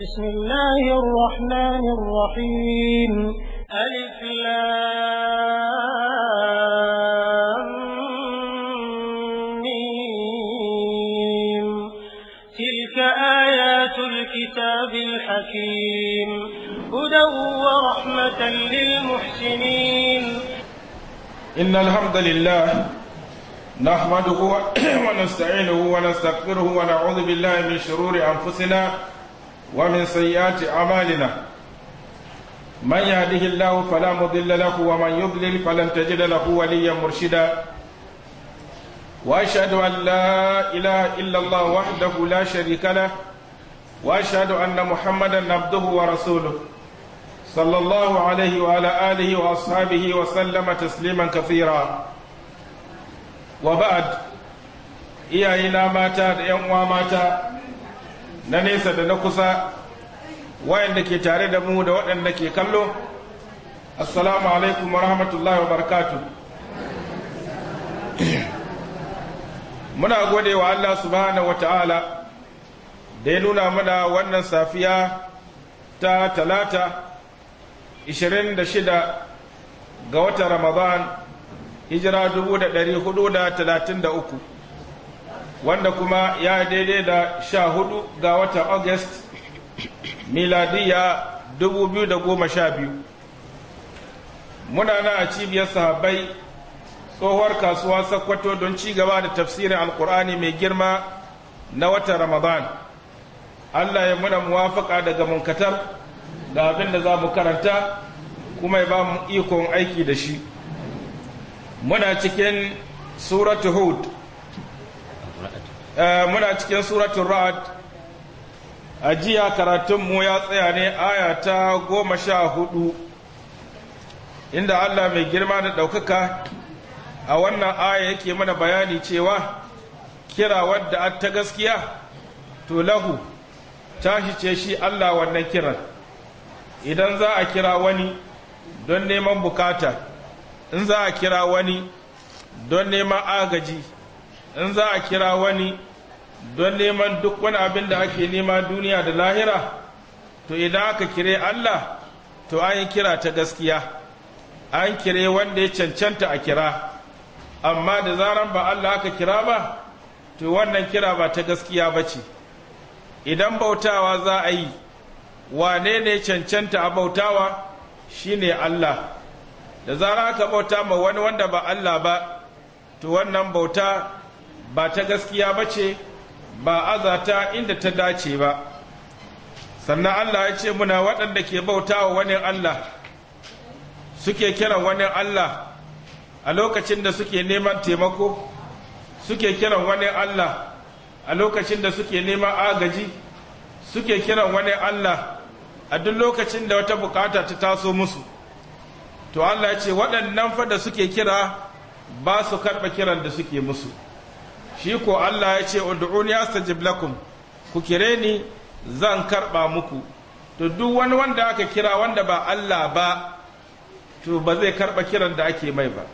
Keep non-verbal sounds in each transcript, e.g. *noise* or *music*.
بسم الله الرحمن الرحيم ألف لام تلك آيات الكتاب الحكيم هدى ورحمة للمحسنين إن الحمد لله نحمده *clears throat* ونستعينه ونستغفره ونعوذ بالله من شرور أنفسنا ومن سيئات أعمالنا من يهده الله فلا مضل له ومن يضلل فلن تجد له وليا مرشدا وأشهد أن لا إله إلا الله وحده لا شريك له وأشهد أن محمدا عبده ورسوله صلى الله عليه وعلى آله وأصحابه وسلم تسليما كثيرا وبعد إيا إلى ماتا يوم ماتا na nesa da na kusa wayanda ke tare da mu da waɗanda ke kallo assalamu alaikum wa rahmatullahi wa barakatu *clears throat* muna gode wa Allah subhanahu wa ta'ala da ya nuna mana wannan safiya ta talata 26 ga watan ramadan hijira 433 wanda kuma ya daidai da sha hudu ga watan august miladiya 2012 muna na a cibiyar sahabbai tsohuwar kasuwa sakkwato don ci gaba da tafsirin alkur'ani mai girma na watan ramadan allah ya muna muwafaka daga munkatar da abin da za mu karanta kuma ya ba mu ikon aiki da shi muna cikin suratu hud Eh, muna cikin suratun ra'ad a jiya karatunmu ya tsaya ne aya ta goma sha hudu inda allah mai girma da ɗaukaka a wannan aya yake mana bayani cewa kira wadda an ta gaskiya to lahu tashi ce shi allah wannan kiran idan za a kira wani don neman bukata in za a kira wani don neman agaji in za a kira wani don neman duk wani abin da ake nema duniya da lahira to idan aka kire Allah to an yi kira ta gaskiya an kire wanda ya cancanta a kira amma da zaran ba Allah aka kira ba to wannan kira ba ta gaskiya ba ce idan bautawa za a yi wane ne cancanta a bautawa Shi ne Allah da zara aka bauta ma wani wanda ba Allah ba to wannan bauta ba ta gaskiya ba ce ba azata inda ta dace ba sannan Allah ya ce muna waɗanda ke bauta wa wani Allah suke kiran wani Allah a lokacin da suke neman taimako suke kiran wani Allah a lokacin da suke neman agaji suke kiran wani Allah a duk lokacin da wata bukata ta taso musu to Allah ya ce waɗannan fa da suke kira ba su karɓa kiran da suke musu shi ko Allah ya ce ud'uni astajib lakum ku kire ni zan karba muku to duk wani wanda aka kira wanda ba Allah ba to ba zai karba kiran da ake mai ba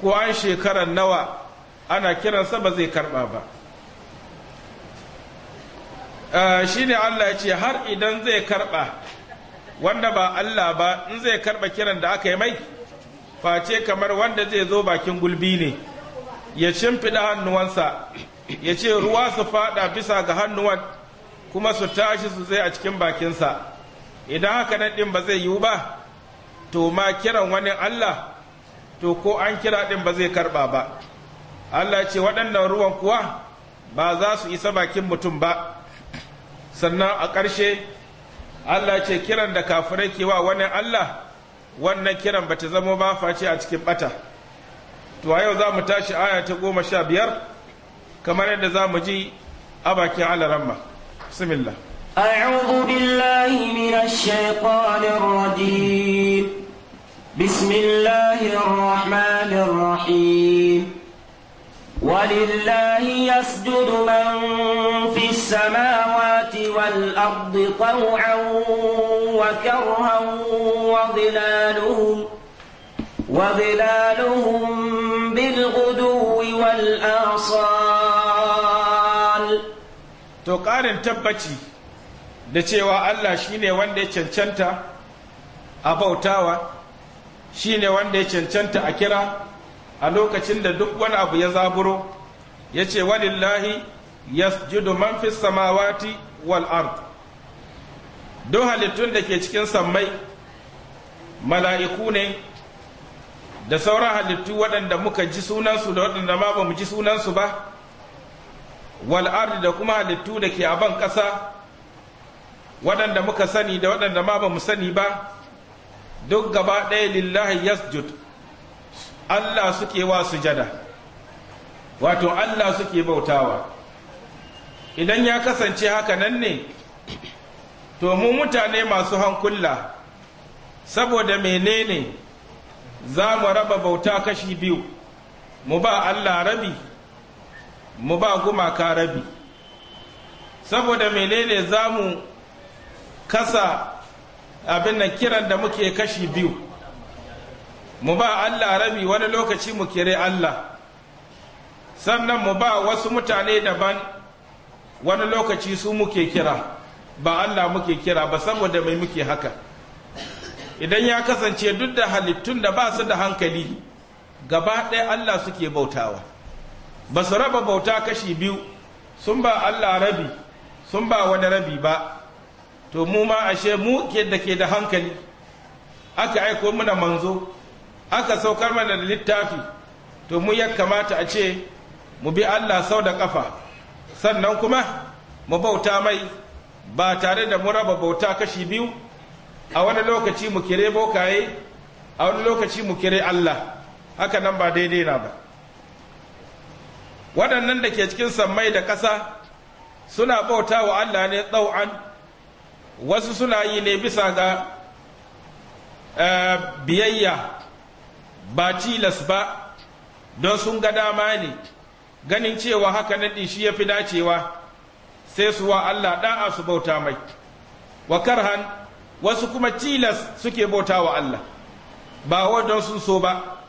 ko an shekarar nawa ana kiransa ba zai karba ba ah, shi ne Allah ya ce har idan zai karɓa wanda ba Allah ba in zai karɓa kiran da aka yi mai face kamar wanda zai zo bakin gulbi ne ya shimfiɗa hannuwansa ya ce ruwa su faɗa bisa ga hannuwan kuma su tashi su zai a cikin bakinsa idan haka nan ɗin ba zai yiwu ba to ma kiran wani Allah to ko an kira ɗin ba zai karɓa ba Allah ce waɗannan ruwan kuwa ba za su isa bakin mutum ba sannan a ƙarshe Allah ce kiran da kafirai ke wa wani Allah wannan kiran ba ta zama ba face a cikin ɓata. to a yau za mu tashi aya ta goma sha biyar kamar yadda za mu ji a bakin alaramma bismillah أعوذ بالله من الشيطان الرجيم بسم الله الرحمن الرحيم ولله يسجد من في السماوات والأرض طوعا وكرها وظلالهم وظلالهم بالغدو والآصال to ƙarin tabbaci da cewa Allah shi ne wanda ya cancanta a bautawa shi ne wanda ya cancanta a kira a lokacin da duk wani abu ya zaburo ya ce walillahi ya man fi samawati wal ard don halittun da ke cikin sammai mala'iku ne da sauran halittu waɗanda muka ji sunansu da waɗanda ma ba mu ji sunansu ba wal'ar da kuma halittu da ke a ban ƙasa waɗanda muka sani da waɗanda ma ba mu sani ba duk gaba ɗaya lillahi yasjud Allah suke wa sujada wato Allah suke bautawa idan ya kasance haka nan ne to mu mutane masu hankula saboda menene ne za mu raba bauta kashi biyu mu ba Allah rabi mu ba gumaka rabi saboda menene za mu kasa abin nan kiran da muke kashi biyu mu ba Allah rabi wani lokaci mu kire Allah sannan mu ba wasu mutane daban wani lokaci su muke kira ba Allah muke kira ba saboda mai muke haka idan ya kasance duk da halittun da ba su da hankali gaba ɗaya Allah suke bautawa ba su raba bauta kashi biyu sun ba Allah rabi sun ba wani rabi ba to mu ma ashe mu ke da ke da hankali aka aiko mana manzo aka saukar mana da littafi to mu ya kamata a ce mu bi Allah sau da ƙafa sannan kuma mu bauta mai ba tare da mu raba bauta kashi biyu a wani lokaci mu kire bokaye a wani lokaci mu kire Allah haka nan ba daidai na ba waɗannan da ke cikin sammai da ƙasa suna bauta wa Allah ne tsau'an wasu suna yi ne bisa ga eh, biyayya ba tilas ba don sun ga dama ne ganin cewa haka na shi ya fi dacewa sai su wa Allah ɗan su bauta mai wa karhan wasu kuma tilas suke bauta wa Allah ba don sun so ba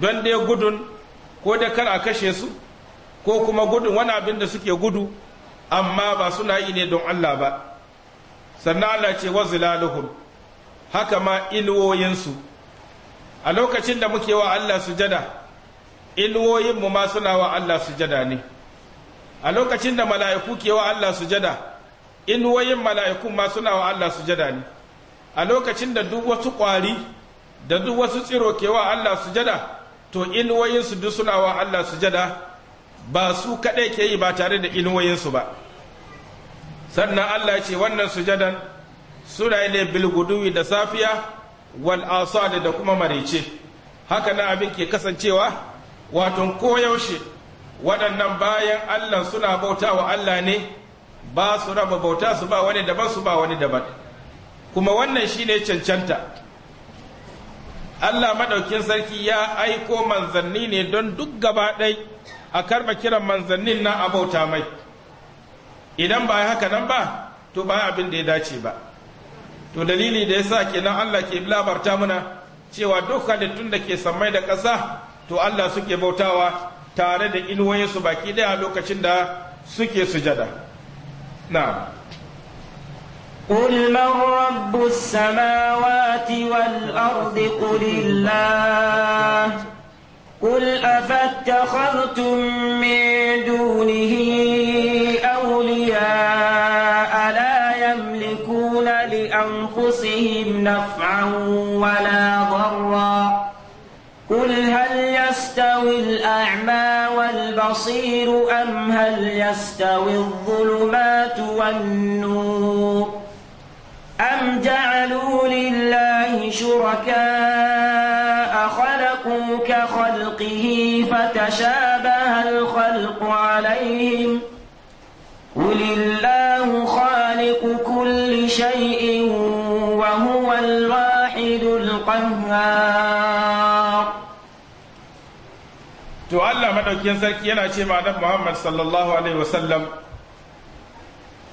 don dai gudun ko da kar a kashe su ko kuma gudun wani abin da suke gudu amma ba suna yi ne don Allah ba sannan Allah ce wa zilaluhum haka ma inuwoyinsu a lokacin da muke wa Allah sujada inuwoyinmu ma suna wa Allah sujada ne a lokacin da mala'iku ke wa Allah sujada inuwoyin mala'ikun ma suna wa Allah sujada ne a lokacin da duk wasu ƙwari da duk wasu tsiro ke wa Allah sujada to inuwayinsu duk suna wa Allah sujada ba su kaɗai ke yi ba tare da inuwayinsu ba sannan Allah ce wannan sujadan suna ne bilguduwi da safiya wal asali da kuma marice haka na abin ke kasancewa wato koyaushe waɗannan bayan Allah suna bauta wa Allah ne ba su raba bauta su ba wani daban su ba wani daban kuma wannan shine cancanta Allah maɗaukin sarki ya aiko manzanni ne don duk gaba ɗai a karɓa kiran manzannin na abauta mai idan ba haka nan ba to ba abin da ya dace ba to dalili da ya sa kenan Allah ke labarta muna cewa duk halittun da ke sammai da ƙasa to Allah suke bautawa tare da inuwayensu baki ɗaya lokacin da suke sujada na'am قل من رب السماوات والأرض قل الله قل أفاتخذتم من دونه أولياء لا يملكون لأنفسهم نفعا ولا ضرا قل هل يستوي الأعمى والبصير أم هل يستوي الظلمات والنور أم جعلوا لله شركاء خلقوا كخلقه فتشابه الخلق عليهم قل الله خالق كل شيء وهو الواحد القهار to Allah madaukakin sarki yana ce ma Muhammad sallallahu alaihi wasallam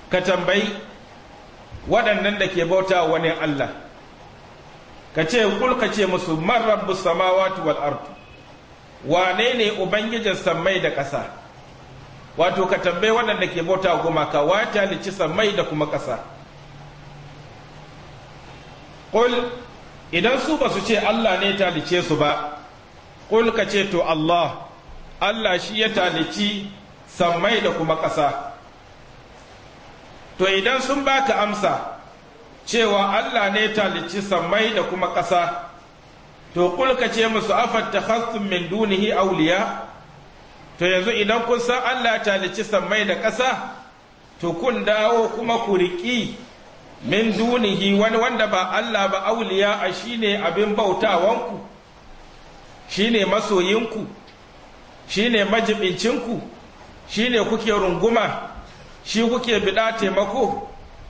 ka tambayi waɗannan da ke bauta wani Allah ka ce kulka ce musu man rabbu samawati wal wane ne ubangijin sammai da ƙasa wato ka tambayi waɗanda ke bauta gumaka wata lici sammai da kuma ƙasa kul idan su ba su ce Allah ne talice su ba kul ka ce to Allah Allah shi ya talici sammai da kuma ƙasa to idan sun baka amsa cewa Allah ne talici sammai da kuma ƙasa to kulka ce musu afatta khassun min dunihi auliya to yanzu idan kun san Allah talici sammai da ƙasa to kun dawo kuma ku riƙi min dunihi wani wanda ba Allah ba auliya a shine abin bautawanku shine masoyinku shine majibincinku shine kuke runguma shi kuke biɗa taimako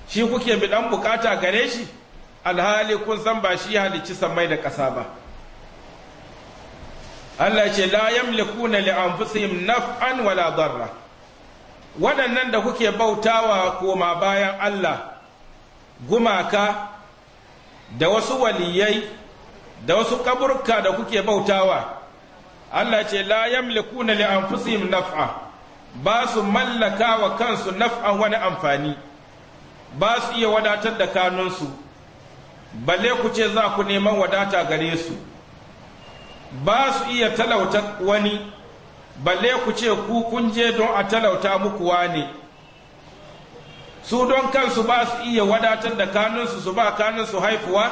shi kuke biɗan bukata gare shi alhali kun san ba shi halicci sammai da ƙasa ba Allah ce la yamlikuna li anfusihim naf'an wala darra waɗannan da kuke bautawa koma bayan Allah gumaka da wasu waliyai da wasu kaburka da kuke bautawa Allah ce la yamlikuna li anfusihim naf'a ba su mallaka wa kansu naf'an wani amfani ba su iya wadatar da kanunsu balle ku ce za ku neman wadata gare su ba su iya talauta wani balle ku ce ku kun je don a talauta muku wani su don kansu ba su iya wadatar da kanunsu su ba kanunsu haifuwa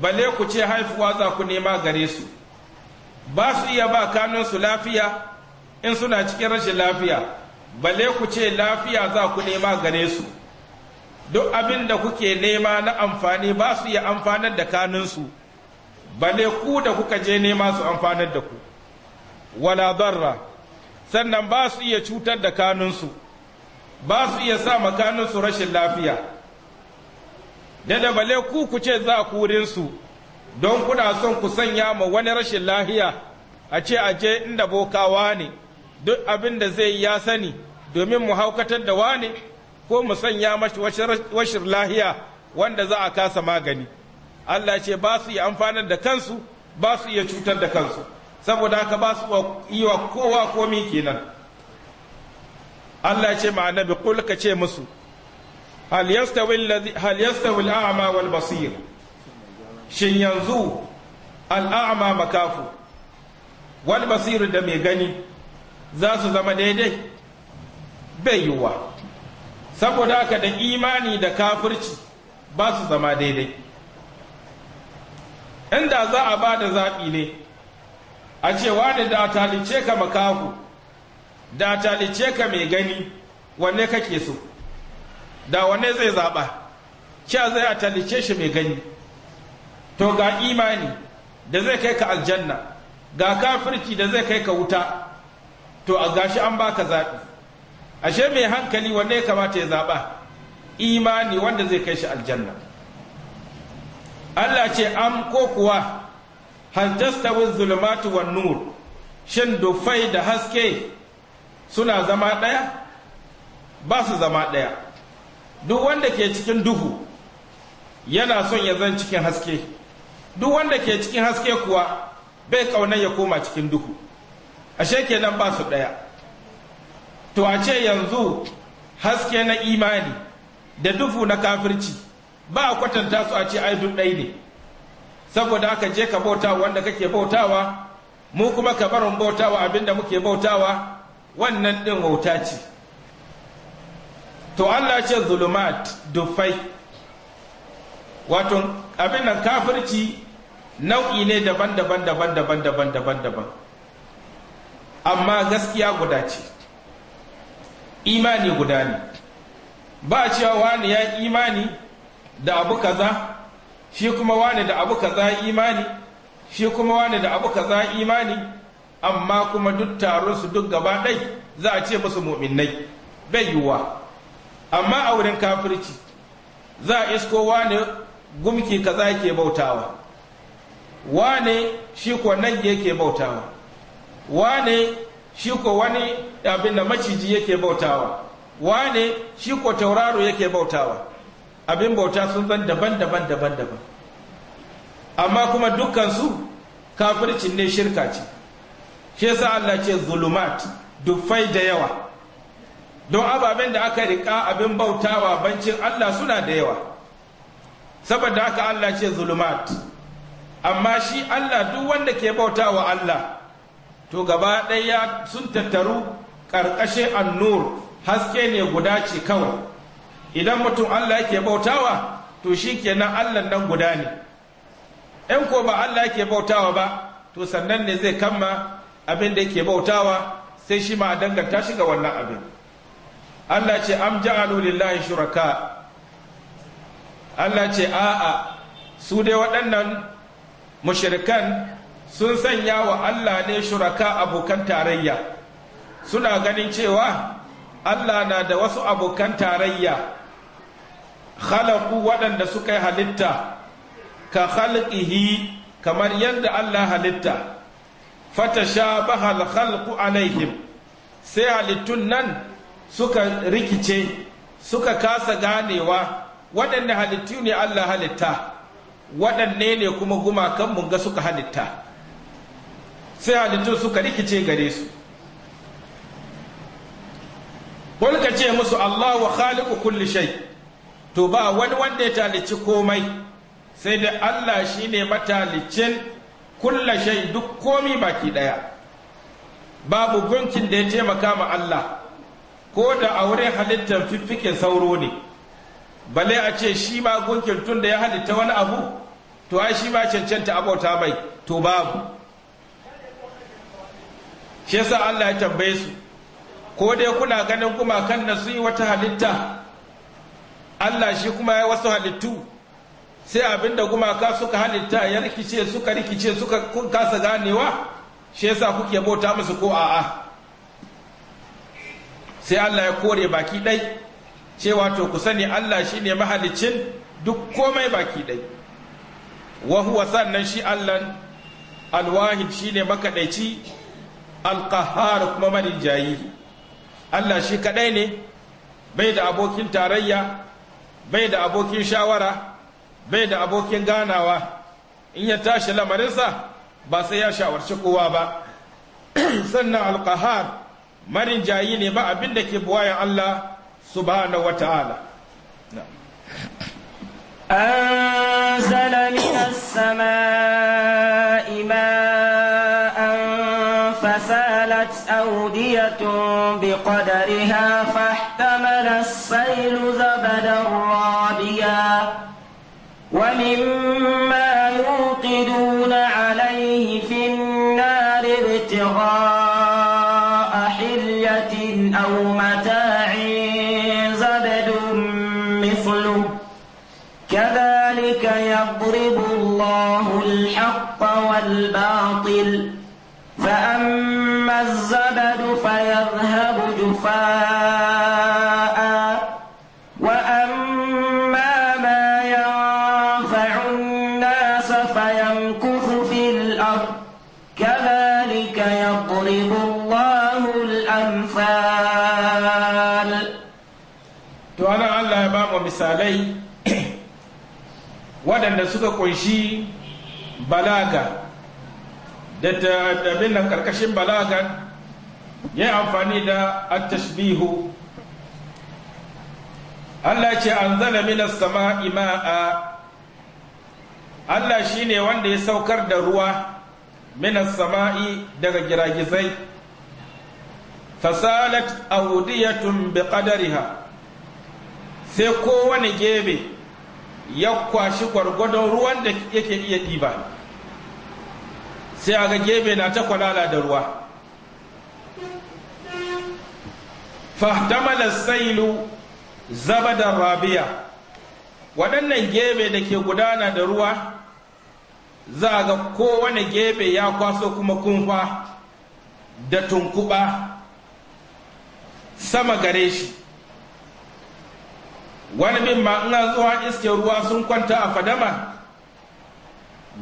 balle ku ce haifuwa za ku nema gare su ba su iya ba kanunsu lafiya in suna cikin rashin lafiya balle ku ce lafiya za ku nema gare su duk abin da kuke nema na amfani ba su iya amfanar da kaninsu balle ku da kuka je nema su amfanar da ku wala darra sannan ba su iya cutar da kanunsu ba su iya sa makaninsu rashin lafiya da balle ku ku ce za ku wurinsu don kuna son ku sanya ma wani rashin lahiya a ce a je inda bokawa ne duk abin da zai ya sani domin mu haukatar da wane ko mu sanya mashi washir lahiya wanda za a kasa magani Allah ce ba su yi amfanar da kansu ba su iya cutar da kansu saboda haka ba su yi wa kowa komi kenan Allah ce ma'ana bi kul ka ce musu hal yastawi hal wal basir shin yanzu al makafu wal basir da mai gani za su zama daidai bai yiwuwa saboda haka da imani da kafirci ba su zama daidai inda za a ba da zaɓi ne a cewa da da talice ka makahu da talice ka mai gani wanne kake so da wanne zai zaɓa kya zai a talice shi mai gani to ga imani da zai kai ka aljanna ga kafirci da zai kai ka wuta to a gashi an baka zaɓi ashe mai hankali wanda ya kamata ya zaɓa imani wanda zai kai shi aljanna Allah ce am ko kuwa hantasta tastawi zulumatu wa nur shin dufai da haske suna zama ɗaya ba su zama ɗaya duk wanda ke cikin duhu yana son ya zan cikin haske duk wanda ke cikin haske kuwa bai kauna ya koma cikin duhu ashe kenan ba su ɗaya to a ce yanzu haske na imani da dufu na kafirci ba a kwatanta su a ce ai duk ɗai ne saboda aka je ka bauta wanda kake bautawa mu kuma ka barin bautawa abinda muke bautawa wannan ɗin wauta ce to Allah ce zulumat dufai wato abin nan kafirci nau'i ne daban-daban daban-daban daban-daban daban amma gaskiya guda ce imani guda ne ba cewa wani ya imani da abu kaza shi kuma wani da abu kaza imani shi kuma wani da abu kaza imani amma kuma duk taron su duk gaba ɗai za a ce musu mu'minnai bai yiwuwa amma a wurin kafirci za a isko wani gumki kaza ke bautawa wane shi kuwa nan yake bautawa wane shi ko wani abin da maciji yake bautawa wane shi ko tauraro yake bautawa abin bauta sun zan daban-daban daban-daban amma kuma dukkansu kafircin ne shirka ce shi yasa Allah ce zulumat dufai da yawa don ababen da aka rika abin bautawa bancin Allah suna da yawa saboda haka Allah ce zulumat amma shi Allah duk wanda ke bautawa Allah to gaba ɗaya sun tattaru ƙarƙashin annur haske ne guda ce kawai idan mutum Allah yake bautawa to shi kenan Allah nan guda ne yan ko ba Allah yake bautawa ba to sannan ne zai kama abin da yake bautawa sai shi ma a danganta shi ga wannan abin Allah ce am ja'alu lillahi shuraka Allah ce a'a su dai waɗannan mushrikan sun sanya wa Allah ne shuraka abokan tarayya suna ganin cewa Allah na da wasu abokan tarayya khalaku waɗanda suka yi halitta ka khalqihi kamar yadda Allah halitta fata sha bahal khalqu alaihim sai halittun nan suka rikice suka kasa ganewa waɗanne halittu ne Allah halitta waɗanne ne kuma gumakan mun ga suka halitta sai halittun suka rikice gare su wani ka ce musu Allah wa khaliku kulli shay to ba wani wanda ya talici komai sai da Allah shi ne matalicin kulla shay duk komi baki daya babu gunkin da ya taimaka ma Allah ko da a wurin halittar fiffiken sauro ne bale a ce shi ma gunkin tun da ya halitta wani abu to ai shi ma cancanta abota mai to babu shi yasa Allah ya tambaye su ko dai kuna ganin gumakan na sun yi wata halitta Allah shi kuma ya wasu halittu sai abinda gumaka suka halitta ya rikice suka rikice suka kasa ganewa shi yasa kuke bauta musu ko a'a sai Allah ya kore baki ɗai cewa to ku sani Allah shi ne mahalicin duk komai baki ɗai wahuwa sannan shi Allah alwahid shi ne makaɗaici alƙahar kuma mani marinjayi Allah shi kaɗai ne bai da abokin tarayya bai da abokin shawara bai da abokin ganawa in ya tashi lamarinsa ba sai ya shawarci kowa ba *clears throat* sannan alƙahar marinjayi ne ba abin da ke buwayan Allah subhanahu wa ta'ala أنزل من السماء فسقت أودية بقدرها waɗanda suka ƙunshi balaga da abin nan ƙarƙashin balagan ya amfani da attashbihu Allah ce an zana minas sama ima'a Allah shi ne wanda ya saukar da ruwa minas sama'i daga giragizai fasalat audiyatun bi qadariha sai kowane gebe ya kwashi gwargwadon ruwan da yake iya ɗiba sai a ga gebe na ta kwalala da ruwa fahtamala sailu zabadar rabiya waɗannan gebe da ke gudana da ruwa za a ga kowane gebe ya kwaso kuma kunfa da tunkuba sama gare shi wani bin ma ina zuwa iske ruwa sun kwanta a fadama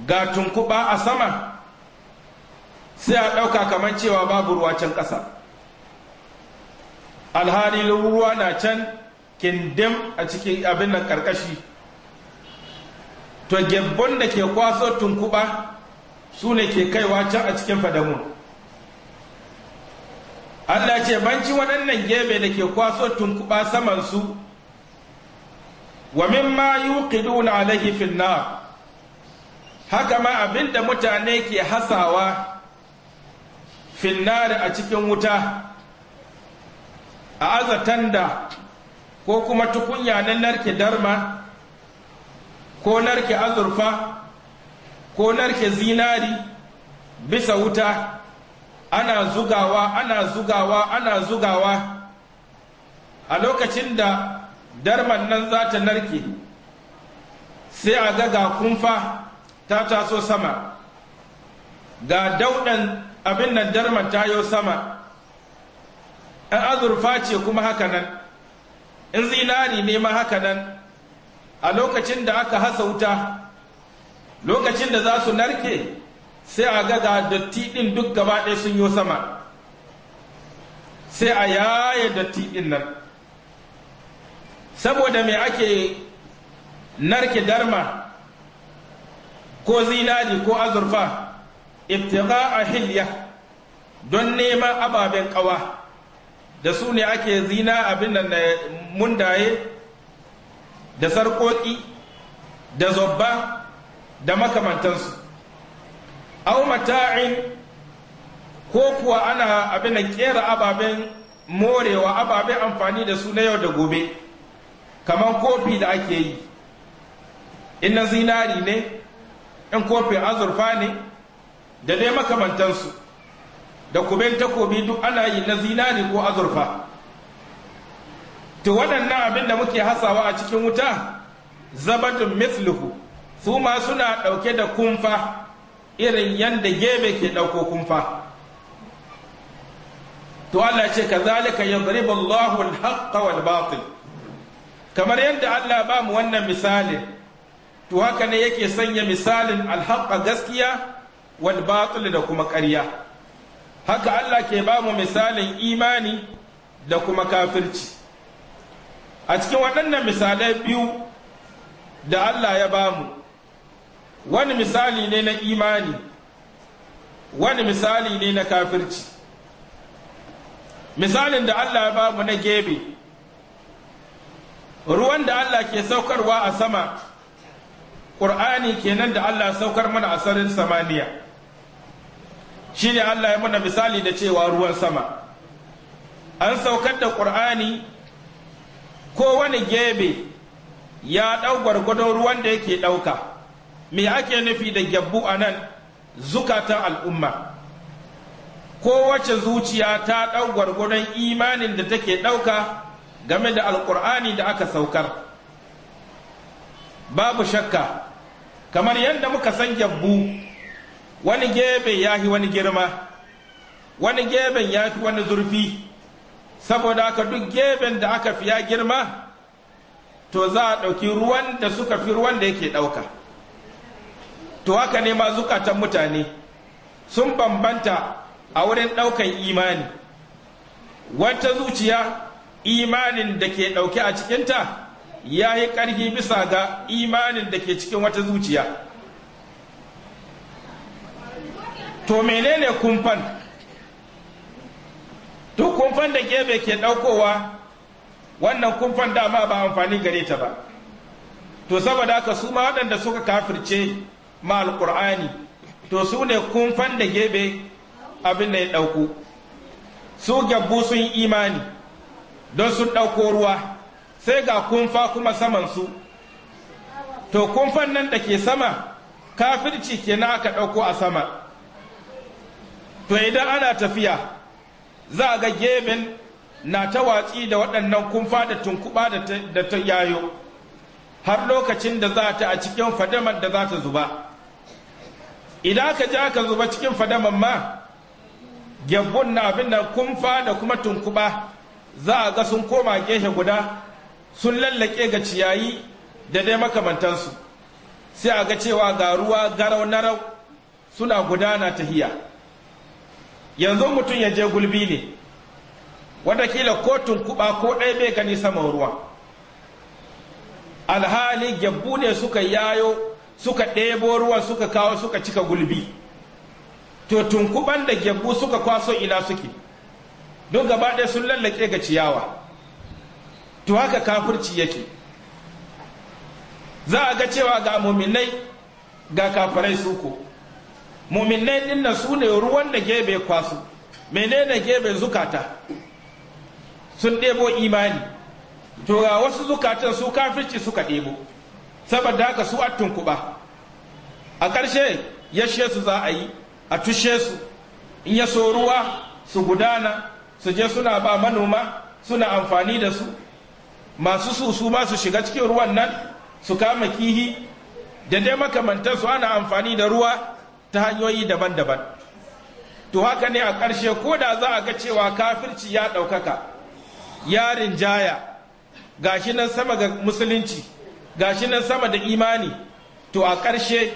ga tunkuba a sama sai a ɗauka kamar cewa babu ruwa can ƙasa alhali ruwa na can kindim a cikin abin nan ƙarƙashi to gebbon da ke kwaso tunkuba su ne ke kaiwa can a cikin fadamu. Allah ce banci waɗannan gebe da ke kwaso tunkuba samansu wa yi yuqiduna na fil nar haka ma abinda mutane ke hasawa finnari a cikin wuta a azatan da ko kuma tukunya na narke darma ko narke azurfa ko narke zinari bisa wuta ana zugawa ana zugawa ana zugawa a lokacin da darman nan za ta narke sai a ga ga kumfa ta taso sama ga daudan abin nan darman ta yau sama yan azurfa ce kuma haka nan in zinari ne ma haka nan a lokacin da aka hasa wuta lokacin da za su narke sai a ga ga datti ɗin duk gaba ɗaya sun yo sama sai a yaya datti ɗin nan saboda me ake narke darma ko zinari ko azurfa ibtiqa a hilya don neman ababen kawa da su ne ake zina abin nan da mundaye da sarkoki da zobba da makamantansu au mata'in ko kuwa ana abin nan kera ababen morewa ababen amfani da su na yau da gobe kamar kofi da ake yi in na zinari ne in kofin azurfa ne da dai makamantansu da kube takobi duk ana yi na zinari ko azurfa to waɗannan abin da muke hasawa a cikin wuta zabatun misluhu su ma suna ɗauke da kumfa irin yadda gebe ke ɗauko kumfa to Allah ce ka zalika yadribu Allahu al-haqqa wal batil kamar yadda Allah ba mu wannan misalin to haka ne yake sanya misalin alhaƙa gaskiya wal batil da kuma ƙarya haka Allah ke ba mu misalin imani da kuma kafirci a cikin waɗannan misalai biyu da Allah ya ba mu wani misali ne na imani wani misali ne na kafirci misalin da Allah ya ba mu na gebe ruwan da Allah ke saukarwa a sama ƙur'ani kenan da Allah saukar mana a sarin samaniya shi ne Allah ya mana misali da cewa ruwan sama an saukar da ƙur'ani kowane gebe ya ɗau gwargwadon ruwan da yake ɗauka me ake nufi da gyabbu a nan zukatan al'umma kowace zuciya ta ɗau gwargwadon imanin da take ɗauka game da alkur'ani da aka saukar babu shakka kamar yadda muka san gyabbu wani gebe ya fi wani girma wani geben ya fi wani zurfi saboda aka duk geben da aka fi ya girma to za a ɗauki ruwan da suka fi ruwan da yake ɗauka to haka ne ma zukatan mutane sun bambanta a wurin ɗaukan imani wata zuciya imanin da ke ɗauke a cikinta ya yi ƙarfi bisa ga imanin da ke cikin wata zuciya to menene kumfan duk kumfan da gebe ke ɗaukowa wannan kumfan dama ba amfani gare ta ba to saboda haka su ma waɗanda suka kafirce ma alƙur'ani to su ne kumfan da gebe abin da ya ɗauko su gyabu sun imani don sun ɗauko ruwa sai ga kumfa kuma samansu to kumfan nan da ke sama kafirci na aka ɗauko a sama to idan ana tafiya za a ga gemin na ta watsi da waɗannan kumfa da tunkuɓa da ta yayo har lokacin da za ta a cikin fadamar da za ta zuba idan aka ji aka zuba cikin fadaman ma gyabbun na abin da kumfa da kuma tunkuɓa za a ga sun koma gefe guda sun lallake ga ciyayi da dai makamantansu sai a ga cewa ga ruwa garau narau suna gudana tahiya yanzu mutum ya je gulbi ne watakila ko tunkuɓa ko ɗaya bai gani saman ruwa alhali gyabbu ne suka yayo suka ɗebo ruwan suka kawo suka cika gulbi to tunkuban da gyabbu suka kwaso ina suke duk gaba ɗaya sun lallake ga ciyawa to haka kafirci yake za a ga cewa ga muminai ga kafirai suko muminai ɗin na su ne ruwan da gebe kwasu menene gebe zukata sun ɗebo imani to ga wasu zukatan su kafirci suka ɗebo saboda haka su a tunkuɓa a ƙarshe yashe su za a yi a tushe su in ya so ruwa su gudana su je suna ba manoma suna amfani da su masu susu ma su shiga cikin ruwan nan su kama kihi da dai su ana amfani da ruwa ta hanyoyi daban-daban to haka ne a ƙarshe ko da za a ga cewa kafirci ya ɗaukaka yarin jaya gashi nan sama ga musulunci gashi nan sama da imani to a ƙarshe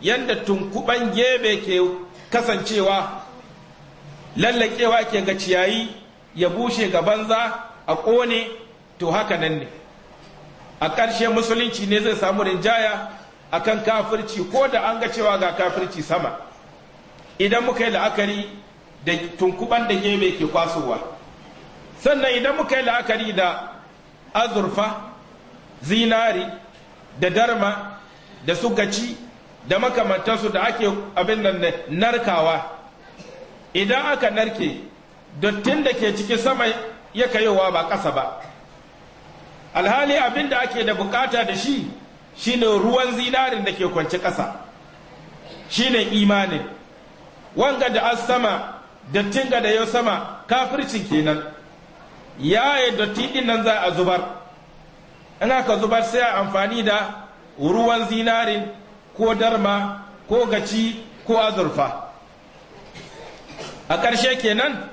yadda tunkuban gebe ke kasancewa lallakewa ke ga ciyayi ya bushe ga banza a ƙone to haka nan ne a ƙarshe musulunci ne zai samu rinjaya akan kafirci ko da an ga cewa ga kafirci sama idan muka yi la'akari da tunkuban da gebe ke kwasowa sannan idan muka yi la'akari da azurfa zinari da darma da sukaci da makamantarsu da ake abin nan narkawa idan aka narke dattin da ke cikin sama ya kayowa ba ƙasa ba alhali abin da ake da bukata da shi shine ruwan zinarin da ke kwanci ƙasa shine imanin wanga da as sama dattin ga da yau sama kafircin kenan yi datti din nan za a zubar ina ka zubar sai a amfani da ruwan zinarin ko darma ko gaci ko azurfa a ƙarshe kenan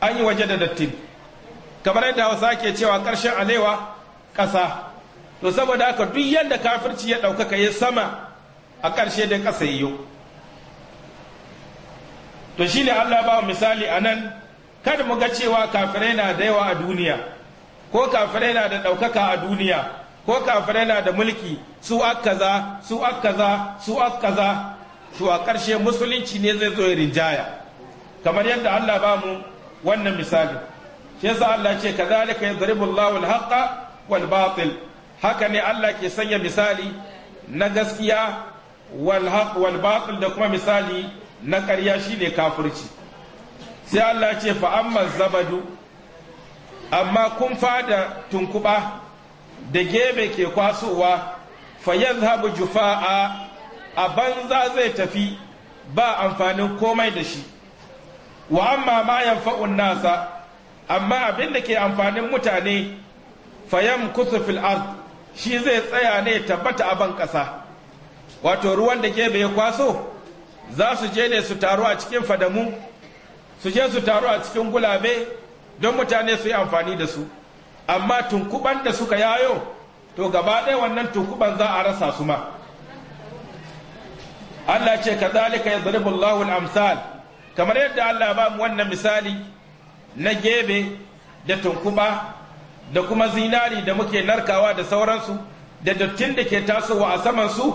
an yi waje da dattin kamar yadda hausa ke cewa ƙarshen alewa ƙasa to saboda haka duk yadda kafirci ya ɗaukaka ya sama a ƙarshe da ƙasa yiwu to shi ne allah ba misali a nan kada mu ga cewa kafirai na da yawa a duniya ko kafirai na da ɗaukaka a duniya ko kafirai na da mulki su akkaza su akkaza su akkaza to a ƙarshe musulunci ne zai zo ya rinjaya kamar yadda Allah ba mu wannan misali shi yasa Allah ce kadhalika yadribu Allahu al wal batil haka ne Allah ke sanya misali na gaskiya wal haqq wal batil da kuma misali na ƙarya shine kafirci sai Allah ce fa amma zabadu amma kun fada tunkuba da gebe ke kwasowa fa yadhhabu jufaa a banza zai tafi ba amfanin komai da shi wa amma ma yanfa'un nasa amma abin da ke amfanin mutane fayam kusu fil ard shi zai tsaya ne tabbata a ban ƙasa wato ruwan da gebe ya kwaso za su je ne su taru a cikin fadamu su je su taru a cikin gulabe don mutane su yi amfani da su amma tunkuban da suka yayo to gaba ɗaya wannan tunkuban za a rasa su ma Allah ce kazalika yadribu Allahu al-amsal kamar yadda Allah ba mu wannan misali na gebe da tunkuba da kuma zinari da muke narkawa da sauransu da dattin da ke tasowa a saman su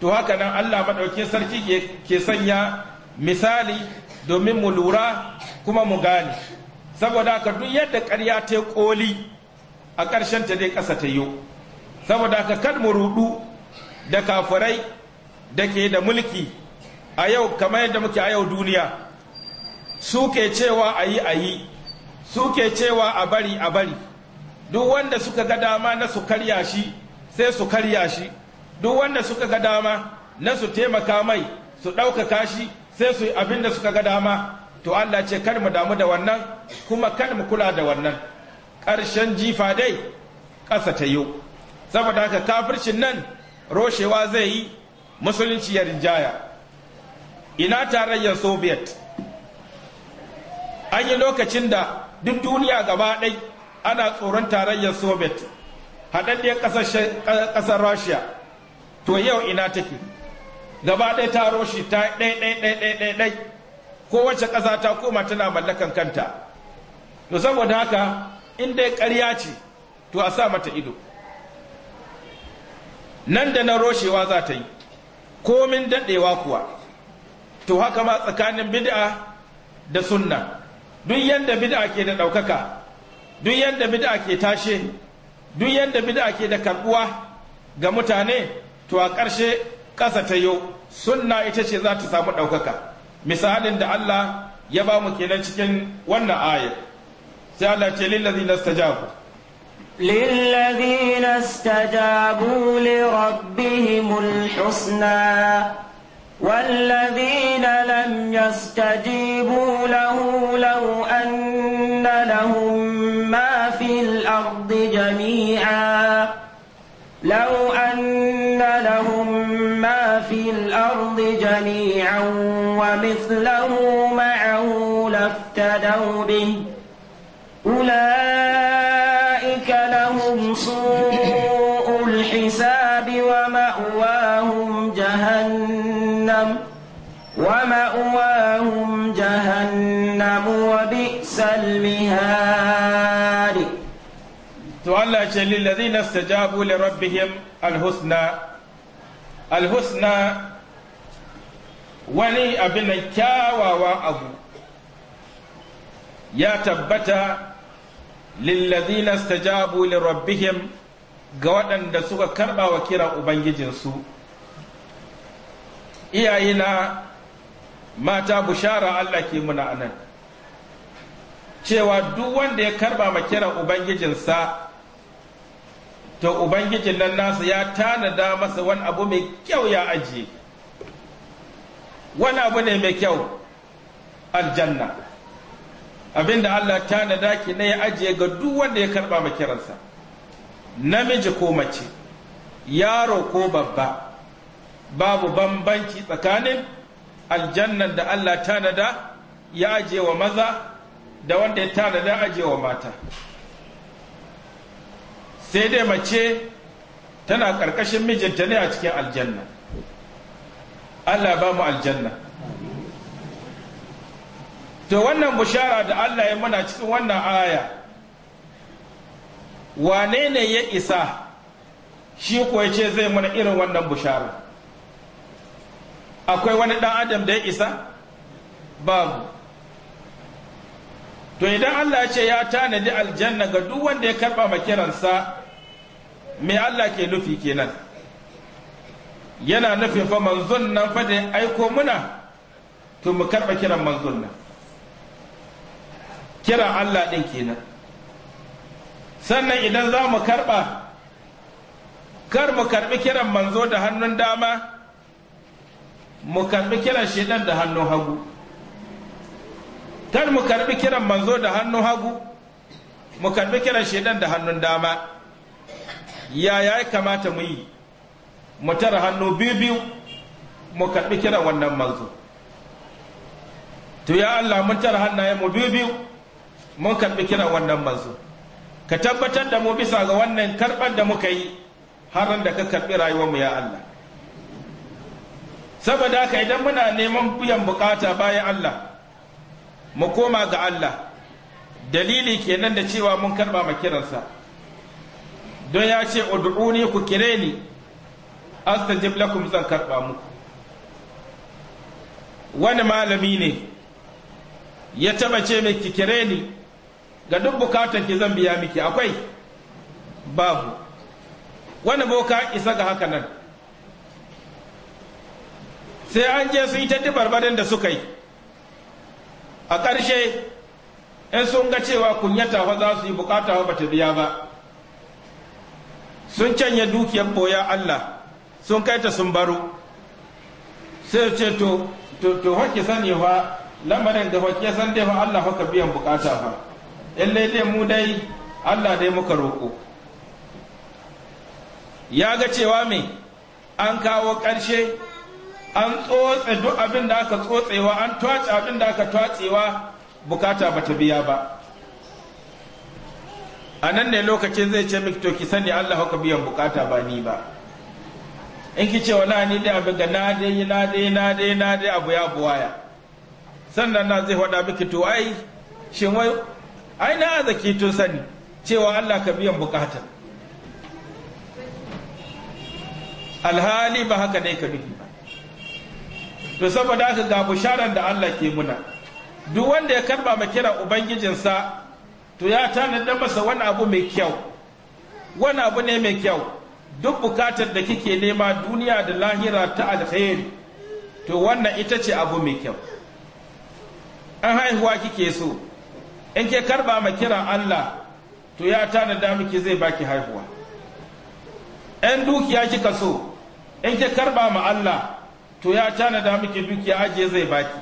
to haka nan Allah maɗaukin sarki ke sanya misali domin mu lura kuma mu gane saboda haka duk yadda ƙarya ta koli a ƙarshen ta dai ƙasa ta yi saboda haka kan mu rudu da kafurai da ke da mulki a yau kamar yadda muke a yau duniya suke cewa a yi a yi suke cewa a bari a bari duk wanda suka ga dama na su karya shi sai su karya shi duk wanda suka ga dama na su taimaka mai su ɗaukaka shi sai su yi abin da suka ga dama to Allah ce kar mu damu da wannan kuma kar mu kula da wannan ƙarshen jifa dai ƙasa ta yau saboda haka kafircin nan roshewa zai yi musulunci ya rinjaya ina tarayyar soviet an yi lokacin da duk duniya gaba ɗai ana tsoron tarayyar soviet haɗaɗɗiyar ƙasar russia to yau ina take gaba ɗai ta roshi ta ɗai ɗai ɗai ɗai kowace ƙasa ta koma tana mallakan kanta to saboda haka in dai ƙarya ce to a sa mata ido nan da na roshewa za ta yi komin daɗewa kuwa to haka ma tsakanin bid'a da sunna duk yadda bid'a ke da ɗaukaka duk yadda bid'a ke tashe duk yadda bid'a ke da karɓuwa ga mutane to a ƙarshe ƙasa ta yau, sunna ita ce za ta samu ɗaukaka misalin da Allah ya ba mu kenan cikin wannan ayar sai Allah ce lillazina stajabu للذين استجابوا لربهم husna. والذين لم يستجيبوا له لو أن لهم ما في الأرض جميعا لو أن لهم ما في الأرض جميعا ومثله معه لافتدوا به أولئك بئس المهاد to Allah ce lillazina stajabu li rabbihim alhusna alhusna wani abin kyawawa abu ya tabbata lillazina stajabu li rabbihim ga waɗanda suka karɓa wa kiran ubangijinsu iyayena mata bushara Allah ke muna anan cewa duk wanda ya karba ma kiran ubangijinsa to ubangijin nan nasa ya tanada masa wani abu mai kyau ya ajiye wani abu ne mai kyau aljanna abinda Allah tanada ki na ya ajiye ga duk wanda ya karba ma kiransa namiji ko mace yaro ko babba babu bambanci tsakanin aljannan da Allah tanada ya ajiye wa maza da wanda ya tana da wa mata sai dai mace tana ƙarƙashin mijinta ne a cikin aljanna allah ba mu aljanna to wannan bushara da allah ya muna cikin wannan aya wane ne ya isa shi ko ce zai mana irin wannan bushara akwai wani ɗan adam da ya isa babu to idan Allah ya ce ya tanadi aljanna ga duk wanda ya karba makiransa me Allah ke nufi kenan yana nufin fa manzon nan fa da aiko muna to mu karba kiran manzon nan kira Allah din kenan sannan idan za mu karba kar mu karbi kiran manzo da hannun dama mu karbi kiran shedan da hannun hagu kar mu karbi kiran manzo da hannun hagu mu karbi kiran shaidan da hannun dama yaya ya kamata mu yi mu tara hannu biyu biyu mu karbi kiran wannan manzo to ya Allah mun tara hannaye mu biyu biyu mun karbi kiran wannan manzo ka tabbatar da mu bisa ga wannan karban da muka yi har da ka karbi rayuwar mu ya Allah saboda haka idan muna neman biyan bukata bayan Allah mu koma ga Allah dalili kenan da cewa mun karba makiransa don ya ce ud'uni ku kire ni astajib lakum zan karba muku wani malami ne ya taba ce mai ki kire ni ga duk bukatan ki zan biya miki akwai babu wani boka isa ga haka nan sai an je sun yi ta dubar da suka yi a ƙarshe in sun ga cewa kunyata fa za su yi bukata ba ta biya ba sun canye dukiyar boya Allah sun kai ta sun baro sai ce to to hoki sani fa lamarin da hoki san dai fa Allah fa biyan bukata fa in dai mu dai Allah dai muka roko ya ga cewa me an kawo ƙarshe an tsotse duk abin da aka tsotsewa an twace abin da aka twacewa bukata ba ta biya ba a nan ne lokacin zai ce miki to ki sani Allah ka biyan bukata ba ni ba in ki ce wala ni da abin ga na dai na dai na dai na dai abu ya buwaya sannan na zai faɗa miki to ai shin wai ai na zaki tun sani cewa Allah ka biyan bukata alhali ba haka dai ka nufi to saboda haka ga bisharar da Allah ke muna duk wanda ya karba ma kira ubangijinsa to ya tanada masa wani abu mai kyau wani abu ne mai kyau duk bukatar da kike nema duniya da lahira ta alkhairi to wannan ita ce abu mai kyau an haihuwa kike so in ke karba ma kira Allah to ya tanada miki zai baki haihuwa ‘yan dukiya kika so, in ki karba ma Allah, to ya tana da muke dukiya ajiye zai baki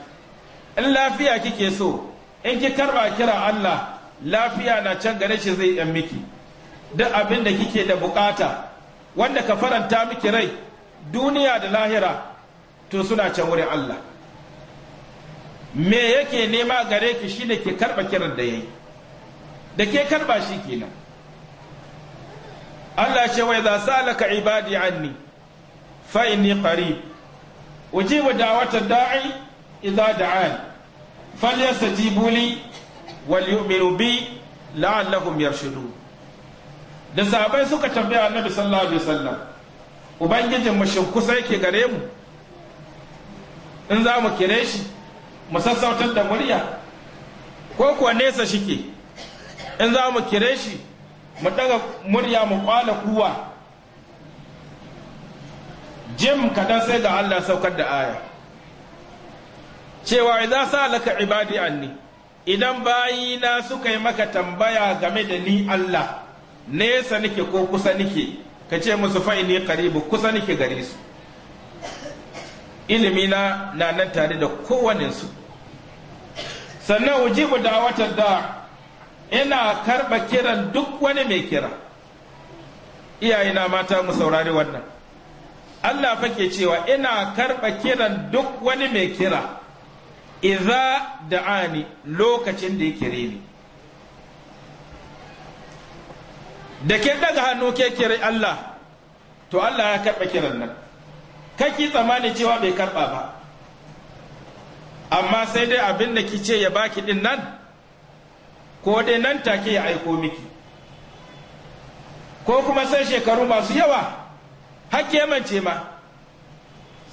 in lafiya kike so in ki karba kira Allah lafiya na can gare shi zai yan miki duk abin da kike da bukata wanda ka faranta miki rai duniya da lahira to suna can wurin Allah me yake nema gare ki shine ki karba kiran da yayi da ke karba shi kenan Allah ce wai za salaka ibadi anni fa inni qarib ujibu da'wata da'i idza da'an falyastajibu li wal yu'minu bi la'allahum yarshudun da sahabai suka tambaya annabi sallallahu alaihi wasallam ubangijin mu shin kusa yake gare mu in za mu kire shi mu sassautar da murya ko kuwa nesa shike in za mu kire shi mu daga murya mu kwala kuwa jim kadan sai ga Allah saukar da aya cewa idan sa laka ibadi anni idan bayina suka yi maka tambaya game da ni Allah nesa nake ko kusa nake ka ce musu fa'ini karibu kusa nake gare su ilimina na nan tare da kowanensu sannan ujibu da watan da ina karɓa kiran duk wani mai kira iyayena mata mu saurari wannan Allah fa ke cewa ina karɓa kiran duk wani mai kira idza da'ani lokacin da ya kire ni da ke daga hannu ke kira Allah to Allah ya karɓa kiran nan kaki tsammani cewa bai karɓa ba amma sai dai abin da kice ya baki din nan ko dai nan take ya aiko miki ko kuma sai shekaru masu yawa hakke mace ma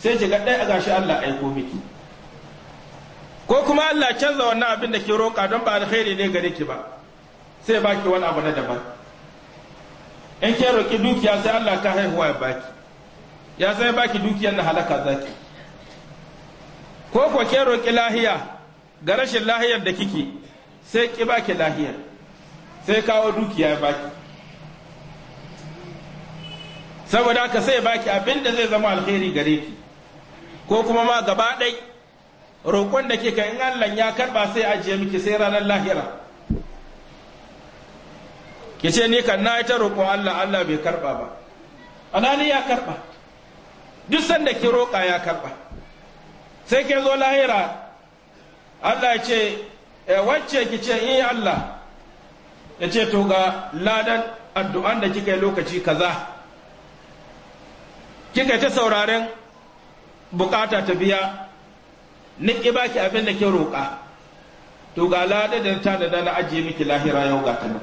sai ki ga ɗaya a gashi Allah aiko miki ko kuma Allah canza wannan abin da ke roƙa don ba alkhairi ne gare ki ba sai baki wani abu na daban in ke roƙi dukiya sai Allah ka haihuwa ya baki ya sai baki dukiyar na halaka zaki ko ko ke roƙi lahiya ga rashin lahiyar da kike sai ki baki lahiyar sai kawo dukiya ya baki saboda haka sai baki abin da zai zama alheri gare ki ko kuma ma gaba ɗai roƙon da ke kai in Allah ya karɓa sai ajiye miki sai ranar lahira ki ce ni kan na yi ta roƙon Allah Allah bai karɓa ba alhali ya karɓa duk sanda ki roƙa ya karɓa sai ke zo lahira Allah ya ce eh, wacce ki ce in eh, Allah ya ce to ga ladan addu'an da kika yi lokaci kaza kika ta sauraren bukata ta biya ni ki baki abin da ke roƙa to ga ladadin ta da na ajiye miki lahira yau ga ta nan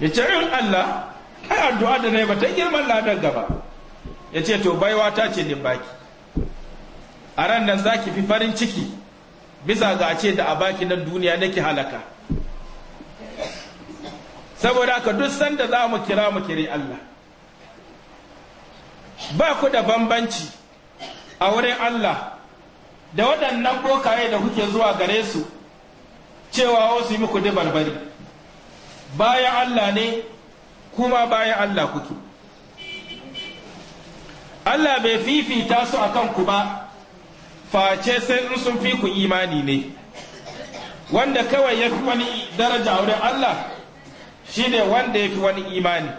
ya ce in Allah kai addu'a da ne ba ta girman ladan gaba ya ce to baiwa ta ce din baki a ran nan za ki fi farin ciki bisa ga ce da a baki nan duniya nake halaka saboda ka duk sanda za mu kira mu kiri Allah ba ku da bambanci a wurin Allah da waɗannan bokaye da kuke zuwa gare su cewa wasu yi muku barbari bayan Allah ne kuma bayan Allah kuke Allah bai fifita su a kanku ba face sai in sun fi ku imani ne wanda kawai ya fi wani daraja wurin Allah shi ne wanda ya fi wani imani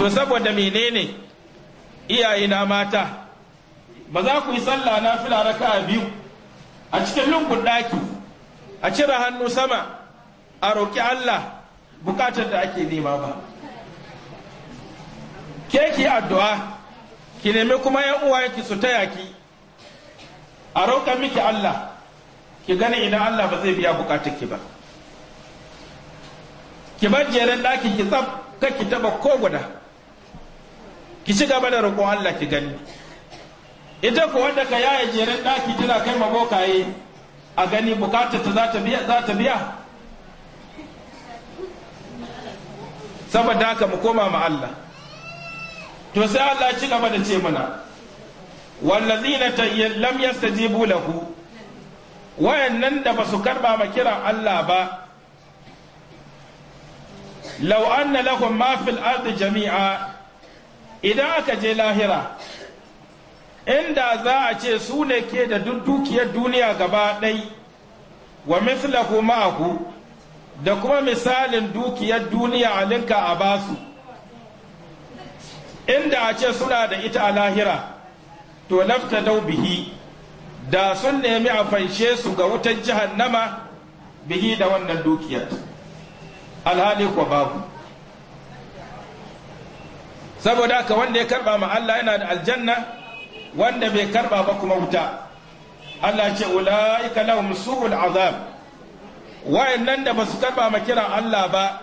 to saboda menene iyaye na mata ba za ku yi sallah na fila raka biyu a cikin lungun ɗaki a cire hannu sama a roƙi Allah bukatar da ake nema ba ke ki addu'a ki nemi kuma yan uwa ki su taya ki a roƙa miki Allah ki gani idan Allah ba zai biya bukatar ki ba ki bar jeren ɗakin ki tsaf kar ki taba ko guda ki ci gaba da Allah ki gani ita ko wanda ka yaya jerin ɗaki tana kai mabokaye a gani bukatar ta za ta biya za ta biya saboda haka mu koma ma Allah to sai Allah ci gaba da ce mana wallazina lam yastajibu lahu wayannan da ba su karba ma kiran Allah ba lauanna anna lahum jami'a idan aka je lahira inda za a ce su ne ke da dukiyar duniya gaba ɗai wa mislahu ma'ahu da kuma misalin dukiyar duniya a linka a basu inda a ce suna da ita a lahira to lafta daubihi bihi da sun nemi a fanshe su ga wutar nama, bihi da wannan dukiyar alhali kuwa babu saboda haka wanda ya karba ma Allah yana da aljanna wanda bai karba ba kuma wuta Allah ce ulaika lahum su'ul azab wayannan da basu karba ma kiran Allah ba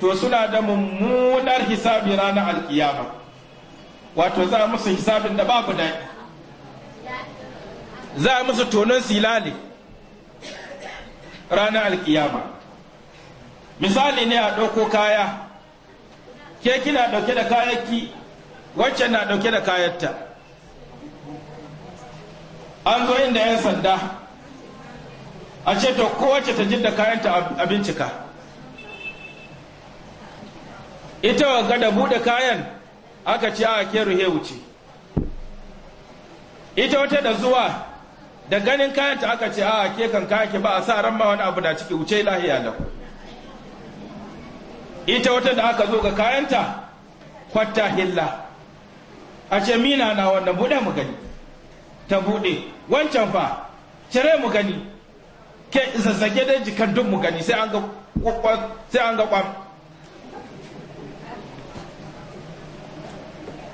to suna da mummunar hisabi ranar alkiyama wato za musu hisabin da babu da za musu tonon silali ranar alkiyama misali ne a ɗauko kaya ke kina dauke da kayanki waccan na dauke da kayanta an zo inda 'yan sanda a ce to kowace ta jidda kayanta a bincika ita wagga da buɗe kayan aka ce a ke ruhe wuce ita wata da zuwa da ganin kayanta aka ce a ke kan kayake ba a sa ran ma wani abu da ciki wuce lahiya lahu ita wata da aka zo ga kayanta kwata hilla a ce mina na wannan buɗe mu gani ta buɗe wancan fa cire mu gani ke zazzage da jikan duk mu gani sai an ga sai an ga kwam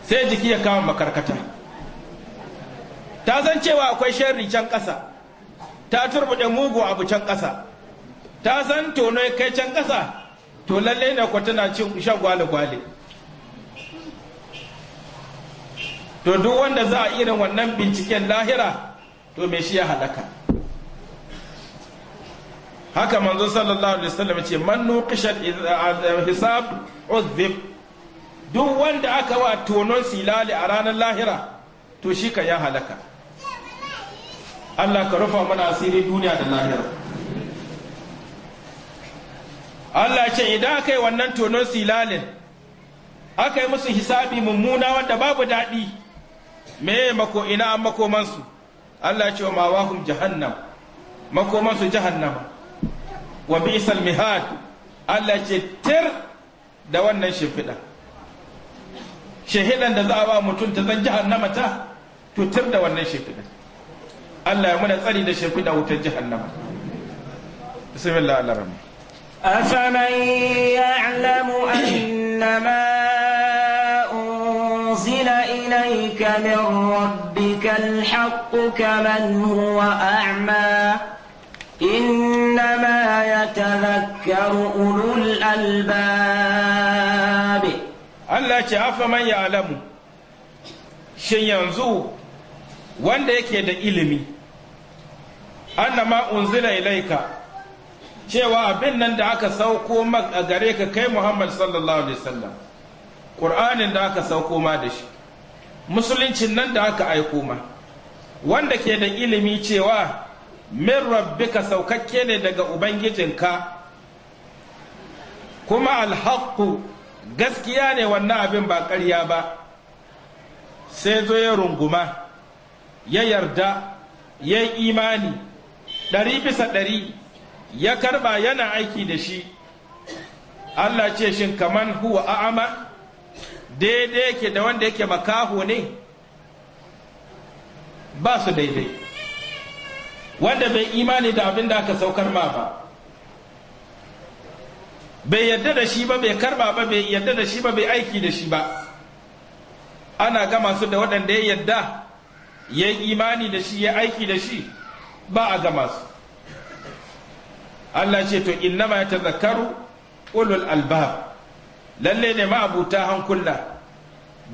sai jiki ya kama makarkata ta san cewa akwai sharri can ƙasa ta turbuɗe mugu abu can ƙasa ta san tono kai can ƙasa to lalle ne ku tana cin shan gwale gwale to duk wanda za a irin wannan binciken lahira to me shi ya halaka haka manzo sallallahu alaihi wasallam ce man nuqisha eh, hisab uzib duk wanda aka wa tonon silali a ranar lahira to shi ka ya halaka Allah ka rufa mana asiri duniya da lahira Allah ce idan aka yi wannan tonon silalin aka yi musu hisabi mummuna wanda babu daɗi me mako ina an makomansu Allah ce wa mawahum jahannam makomansu jahannama wa bi'sal mihad Allah ce tir da wannan shimfiɗa shahidan da za a ba mutum ta zan jahannama ta to tir da wannan shimfiɗa Allah ya muna tsari da shimfiɗa wutar jahannama bismillah Allah rahmah أَفَمَن يَعْلَمُ أَنَّمَا أُنْزِلَ إِلَيْكَ من ربك الْحَقُّ كمن هُوَ أَعْمَى إِنَّمَا يَتَذَكَّرُ أُولُو الْأَلْبَابِ Allah ce afaman ya alamu shin yanzu wanda yake da ilimi annama unzila ilaika cewa abin nan da aka sauko a gare ka kai Muhammad sallallahu alaihi wasallam Qur'anin da aka sauko ma da shi musuluncin nan da aka aiko ma wanda ke da ilimi cewa min rabbika saukakke ne daga ubangijinka kuma alhaqqu gaskiya ne wannan abin ba ƙarya ba sai zo ya runguma ya yarda ya imani ɗari bisa ɗari ya karba yana aiki da shi Allah ce shin kaman huwa a'ama daidai yake da wanda yake makaho ne ba su daidai wanda bai imani da abin da aka saukar ma ba bai yadda da shi ba bai karba ba bai yadda da shi ba bai aiki da shi ba ana gama su da waɗanda ya yadda ya imani da shi ya aiki da shi ba a gama su Allah ce to innama ya tazakaru ulul albab lalle ne ma'abuta hankula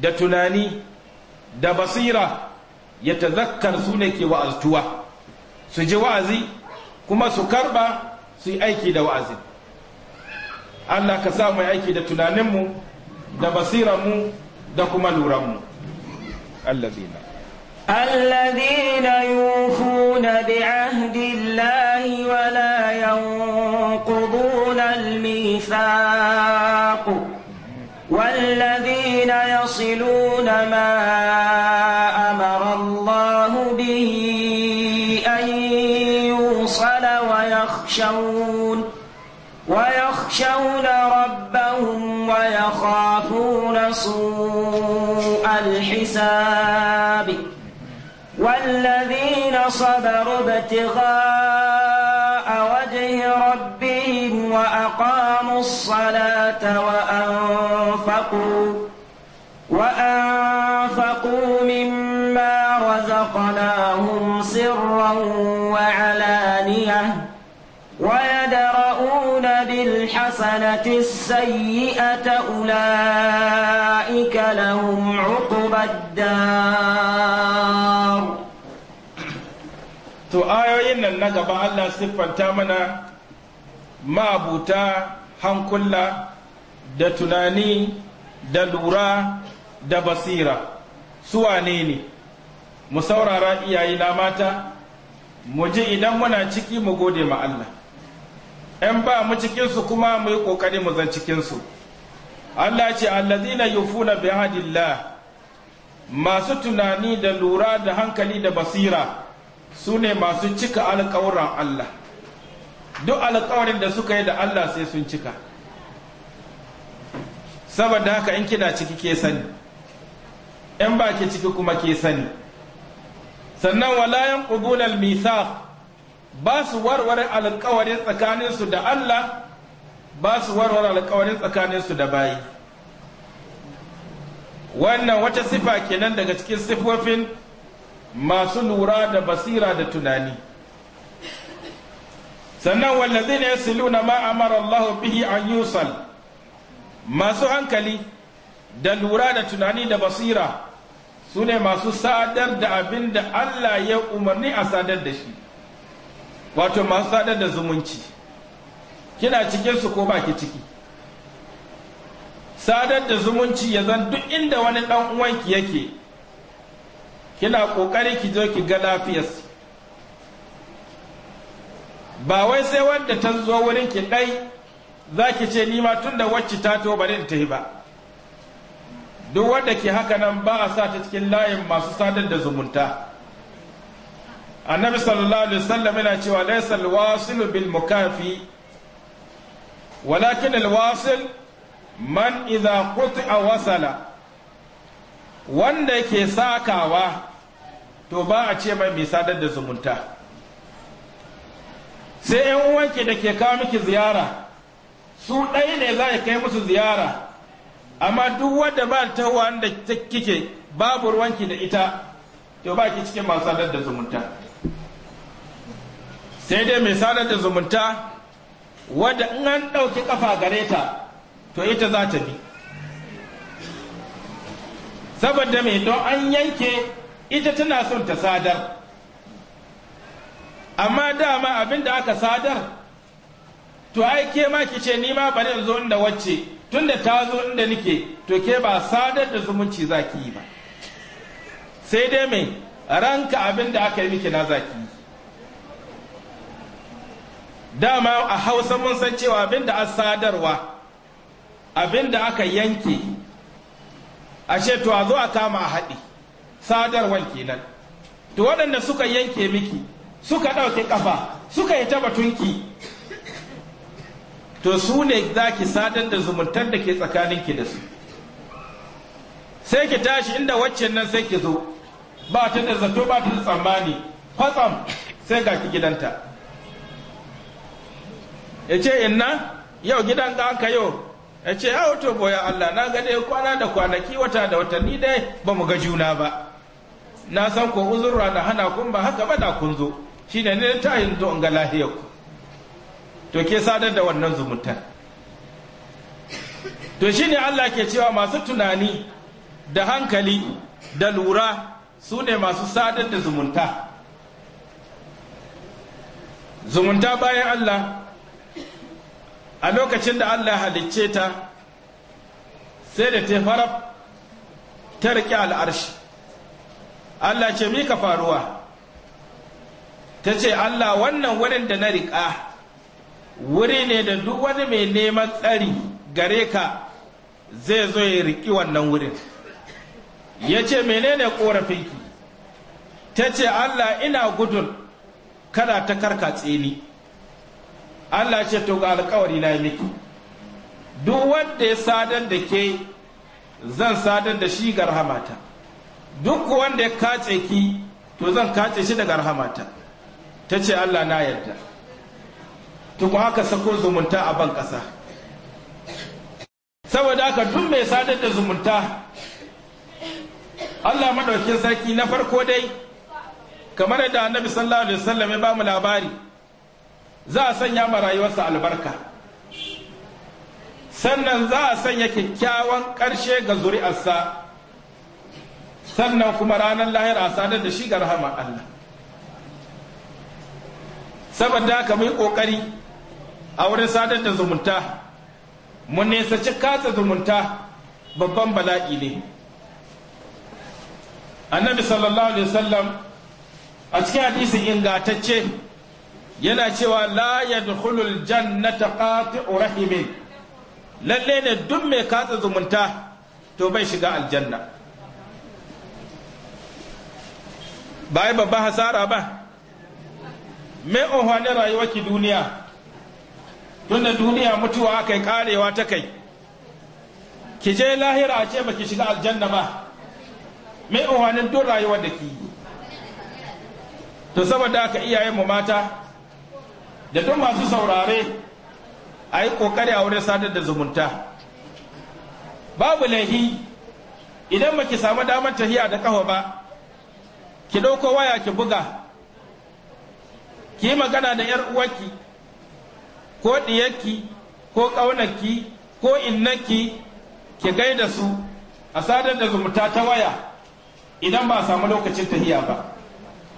da tunani da basira ya tazakkar su ne ke wa'aztuwa su ji wa'azi kuma su karba su yi aiki da wa'azi Allah ka sa mu aiki da tunaninmu da basiranmu da kuma luranmu allazina الذين يوفون بعهد الله ولا يصلون ما أمر الله به أن يوصل ويخشون ويخشون ربهم ويخافون سوء الحساب والذين صبروا ابتغاء وجه ربهم وأقاموا الصلاة وأنفقوا سرا وعلانية ويدرؤون بالحسنة السيئة أولئك لهم عقبى الدار to ayoyin nan na gaba Allah siffanta mana ma'abuta hankula da tunani da lura da basira su wane ne mu saurara iyaye na mata mu ji idan muna ciki mu gode ma Allah in ba mu cikinsu kuma mu yi ƙoƙari mu zan cikinsu Allah ce allazina yufuna bi hadillah masu tunani da lura da hankali da basira su ne masu cika alƙawuran Allah duk alƙawarin da suka yi da Allah sai sun cika saboda haka in kina ciki ke sani in ba ke ciki kuma ke sani sannan walayan yanquduna misa mithaq ba su warware alƙawarin tsakaninsu da Allah ba su warware alƙawarin tsakaninsu da bayi wannan wata sifa kenan daga cikin sifofin masu lura da basira da tunani sannan wallazina ne ma amara Allah bihi an yusal masu hankali da lura da tunani da basira su ne masu sadar da abin da Allah ya umarni a sadar da shi wato masu sadar da zumunci kina cikin su ko baki ciki sadar da zumunci ya zan duk inda wani dan uwanki yake kina kokari ki zo ki ga lafiyarsa ba wai sai wanda ta zo wurin ki dai za ki ce ni ma tun wacce ta to bari ta yi ba duk wanda ke haka nan ba a sa ta cikin layin masu sadar da zumunta annabi sallallahu alaihi wasallam yana cewa laysa alwasil bil mukafi walakin alwasil man idza qut'a wasala wanda ke sakawa to ba a ce mai mai sadar da zumunta sai yan uwanki da ke kawo miki ziyara su ɗaya ne za a kai musu ziyara amma duk wadda ba ta da kike babu ruwanki da ita to ba ki cikin masu sadar da zumunta sai dai mai sadar da zumunta wadda in an ɗauki ƙafa gare ta to ita za ta bi saboda mai don an yanke ita tana son ta sadar amma dama abin da aka sadar to ai ke ma ki ce ni ma bari in zo inda wacce tun da ta zo inda nike to ke ba sadar da zumunci za ki yi ba sai dai mai ranka abin da aka yi miki na za ki yi dama a hausa mun san cewa abin da aka sadarwa abin da aka yanke ashe to a zo a kama a haɗi sadarwar kenan to waɗanda suka yanke miki suka ɗauke ƙafa suka yi taba tunki to su ne za ki sadar da zumuntar da ke tsakanin ki da su sai ki tashi inda waccan nan sai ki zo ba ta da zato ba ta da tsammani kwatsam sai ga ki gidanta ya ce inna yau gidan ga ka yau ya ce a wato boya Allah na ga kwana da kwanaki wata da watanni dai ba mu ga juna ba na san ko uzurra da hana kun ba haka ba da kun zo shine ne ta yi zo in ga lahiyar to ke sadar da wannan zumuntar to shine Allah ke cewa masu tunani da hankali da lura su ne masu sadar da zumunta zumunta bayan Allah a lokacin da Allah halicce ta sai da ta farab ta riƙe al'arshi Allah ce mika faruwa ta ce Allah wannan wurin da na riƙa wuri ne da duk wani mai neman tsari gare ka zai zo ya riƙi wannan wurin ya ce menene ƙorafinki ta ce allah ina gudun kada ta karkatse ni allah ce to ga alkawari na miki duk wanda ya sadar da ke zan sadar da shi ga rahamata duk wanda ya kace ki to zan kace shi daga rahamata ta ce allah na yarda tuku haka sako zumunta a ban ƙasa saboda haka duk mai sadar da zumunta Allah maɗaukin sarki na farko dai kamar da annabi sallallahu alaihi wasallam ya ba mu labari za a sanya ma rayuwarsa albarka sannan za a sanya kyakkyawan ƙarshe ga zuri'arsa sannan kuma ranar lahir a sadar da shi ga rahama Allah saboda haka mu yi ƙoƙari a wurin sadar da zumunta mu nesaci katsa zumunta babban bala'i ne annabi sallallahu alaihi wasallam a cikin hadisin ingatacce yana cewa la yadkhulul jannata qati'u rahimin lalle ne duk mai katsa zumunta to bai shiga aljanna ba yi babba hasara ba mai unhwanin rayuwarki duniya tunda duniya mutuwa aka yi karewa ta kai ki je lahira a ce baki shiga aljanna ba mai umarnin don rayuwar da ki yi to saboda aka iyayen mu mata da duk masu saurare a yi kokari a wurin sadar da zumunta babu laihi idan baki samu damar tahiya da kafa ba ki ɗauko waya ki buga ki yi magana da 'yar uwarki ko ɗiyarki ko ƙaunarki ko innaki ki gaida su a sadar da zumunta ta waya idan ba a samu lokacin tahiya ba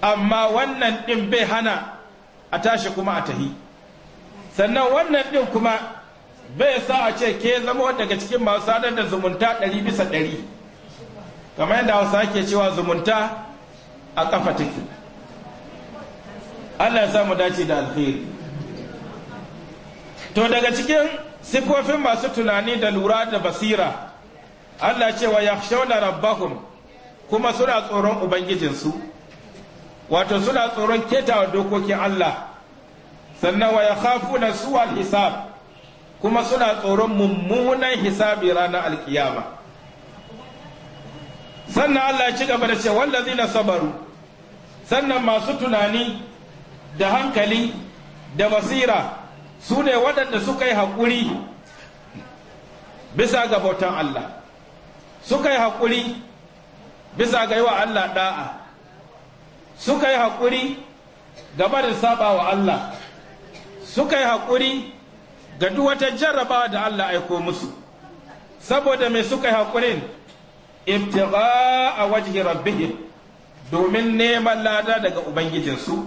amma wannan ɗin bai hana a tashi kuma a tahi sannan wannan ɗin kuma bai sa a ce ke zama daga cikin masu sadar da zumunta ɗari bisa ɗari kamar yadda hausa ke cewa zumunta a ƙafa take Allah ya samu dace da alheri to daga cikin sifofin masu tunani da lura da basira Allah ce wa shauna rabbahum kuma suna tsoron ubangijinsu wato suna tsoron keta wa dokokin Allah sannan wa ya na suwal hisab kuma suna tsoron mummunan hisabi ranar alkiyama sannan Allah ya ci gaba da ce na sabaru sannan masu tunani da hankali da basira su ne waɗanda suka yi haƙuri bisa ga bautan Allah suka yi haƙuri bisa ga yi wa Allah ɗa'a suka yi haƙuri game da saba wa Allah suka yi haƙuri ga duk wata jarrabawa da Allah aiko musu saboda mai suka yi haƙurin ibtigha a wajen rabbihim domin neman lada daga ubangijinsu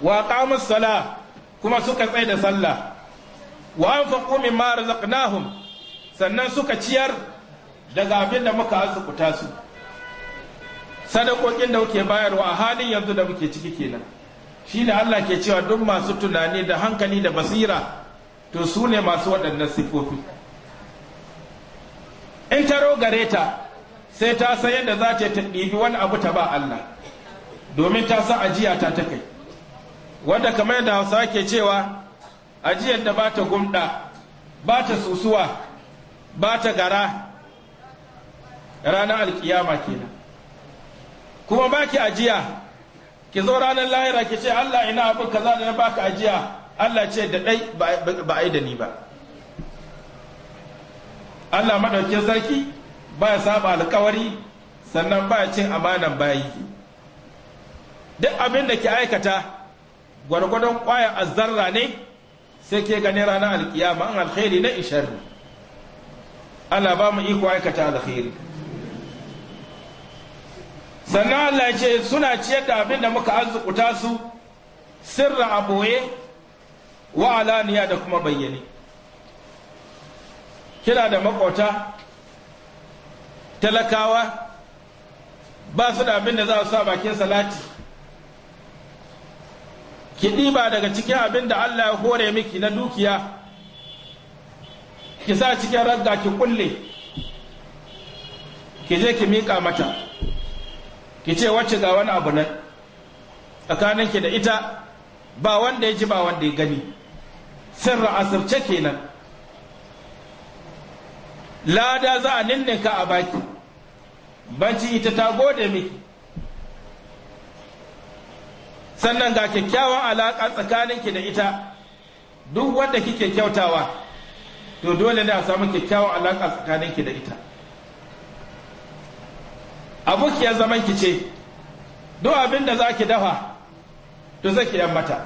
wa qamus sala. kuma suka tsaye da sallah wa anfaqu mimma razaqnahum sannan suka ciyar daga abin da muka azukuta su sadakokin da muke bayarwa a halin yanzu da muke ciki kenan shine Allah ke cewa duk masu tunani da hankali da basira to su ne masu waɗannan siffofi in ta rogare ta sai ta san yadda za ta ɗibi wani abu ta ba Allah domin ta san ajiya ta ta kai wadda kamar yadda hausa ke cewa ajiyar da ba ta gumda ba ta susuwa ba ta gara ranar alkiyama kenan kuma ba ki ajiya ki zo ranar lahira ki ce allah ina abin kaza da na baka ajiya allah ce da ɗai ba a yi da ni ba allah maɗaukin sarki ba ya saba alkawari sannan ba ya cin amanan bayi duk abin da ki aikata gwargwadon kwaya azzarra ne sai ke gane ranar alkiyama an alkhairi na isharri Allah ba mu iko aikata alkhairi sannan Allah ya ce suna ciyar da abin da muka arzukuta su sirra a boye wa alaniya da kuma bayyane kina da makota talakawa ba su da abin da za su sa bakin salati ki ɗiba daga cikin abin da Allah ya hore miki na dukiya ki sa cikin ragga ki kulle ki je ki miƙa mata ki ce wacce ga wani abu nan tsakaninki da ita ba wanda ya ji ba wanda ya gani sirra asirce kenan lada za a ninninka a baki banci ita ta gode miki sannan ga kyakkyawan alaƙa tsakaninki da ita duk wanda kike kyautawa to dole ne a samu kyakkyawan alaƙa tsakaninki da ita abokiyar zaman ki ce duk abin da za ki dafa to zai ki mata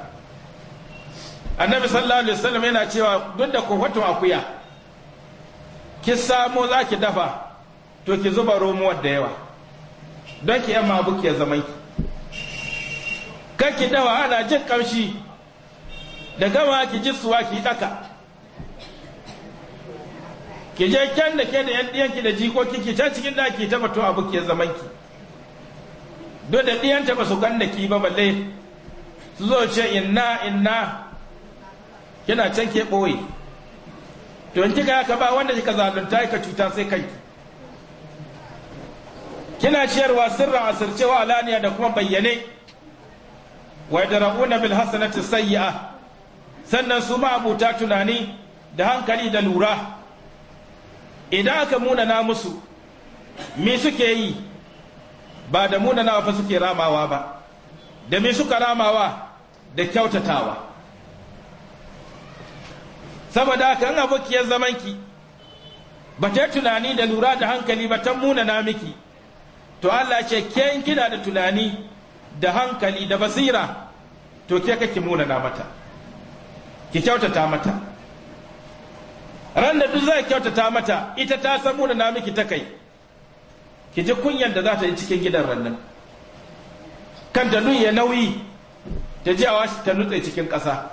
annabi sallallahu alaihi wasallam yana cewa duk da kofatun akuya ki samo za ki dafa to ki zuba romuwar da yawa don ki yamma abokiyar zaman ki ka ki dawa ana jin kamshi da gama ki ji suwa ki daka ki je kyan da ke da yan diyanki da jikoki ki ta cikin daki taba to abu ke zaman ki duk da ɗiyanta ba su ganda ki ba balle su zo ce inna inna yana can ke ɓoye to in kika ka ba wanda kika zalunta ka cuta sai kai kina ciyarwa sirra asircewa alaniya da kuma bayyane wa yadra'una bil hasanati sayyi'a sannan su abuta tunani da hankali da lura idan aka munana musu me suke yi ba da munanawa fa suke ramawa ba da me suka ramawa da kyautatawa saboda kan in abokiyar zamanki ba ta tunani da lura da hankali ba ta munana miki to Allah ce ke kina da tunani da hankali da basira to ke kake munana mata ki kyautata mata ran da duk zai kyautata mata ita ta san munana miki ta kai ki ji kunyan da za ta yi cikin gidan rannan kan da ya nauyi ta ji ta nutse cikin ƙasa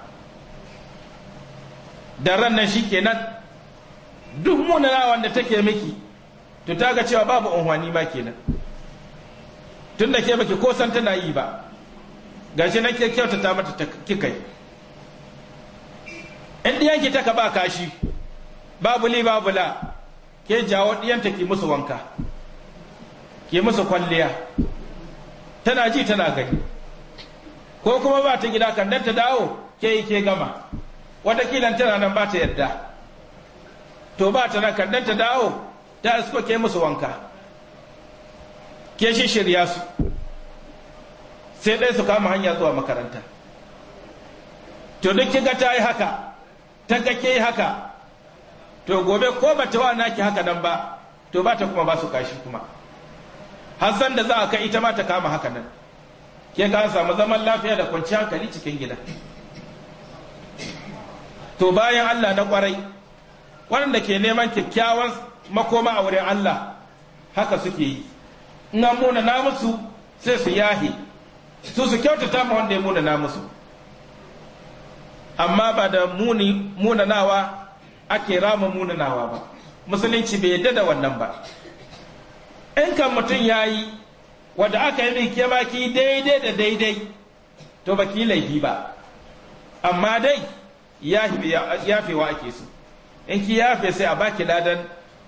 da rannan shi kenan duk munana wanda take miki to ta ga cewa babu unhwani ma kenan tun da ke baki ko san tana yi ba gashi na ke kyautata mata ta kikai in ɗiyanki ta ka ba kashi babu li babu la ke jawo ɗiyanta ki musu wanka ki musu kwalliya tana ji tana gani ko kuma ba ta gida kan ta dawo ke yi ke gama kilan tana nan ba ta yadda to ba ta nan kan ta dawo ta isko ke musu wanka ke shi shirya su sai ɗaya su kama hanya zuwa makaranta to duk kika ta yi haka ta ga ke haka to gobe ko ba ta wa naki haka nan ba to ba ta kuma ba su kashi kuma hassan da za a kai ita ma ta kama haka nan ke ka samu zaman lafiya da kwanci hankali cikin gida to bayan allah na kwarai waɗanda ke neman kyakkyawan makoma a wurin allah haka suke yi na muna na musu sai su yahi su su kyautata ma wanda ya muna na musu amma ba da muni munanawa ake rama munanawa ba musulunci bai yadda da wannan ba in kan mutum ya yi wadda aka yi mai baki daidai da daidai to ba ki laifi ba amma dai yafewa ake so in ki yafe sai a baki ladan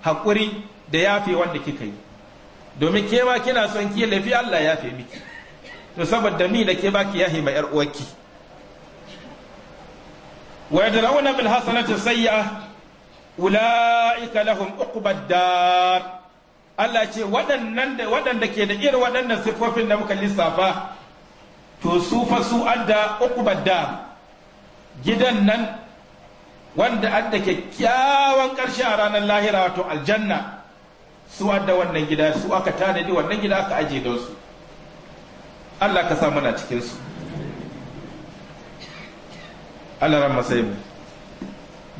haƙuri da yafe wanda kika yi domin ke ma kina son ki lafi Allah ya fi miki to saboda mi da ke ba ki yahi ma yar uwarki wa yadrauna bil hasanati sayya ulaika lahum uqbad dar Allah ce waɗannan da waɗanda ke da irin waɗannan sifofin da muka lissafa to su fa su adda uqbad dar gidan nan wanda adda kyakkyawan ƙarshe a ranar lahira wato aljanna su adda wannan gida su aka tanadi wannan gida aka aje don su Allah ka sa muna cikin su Allah ran masai mu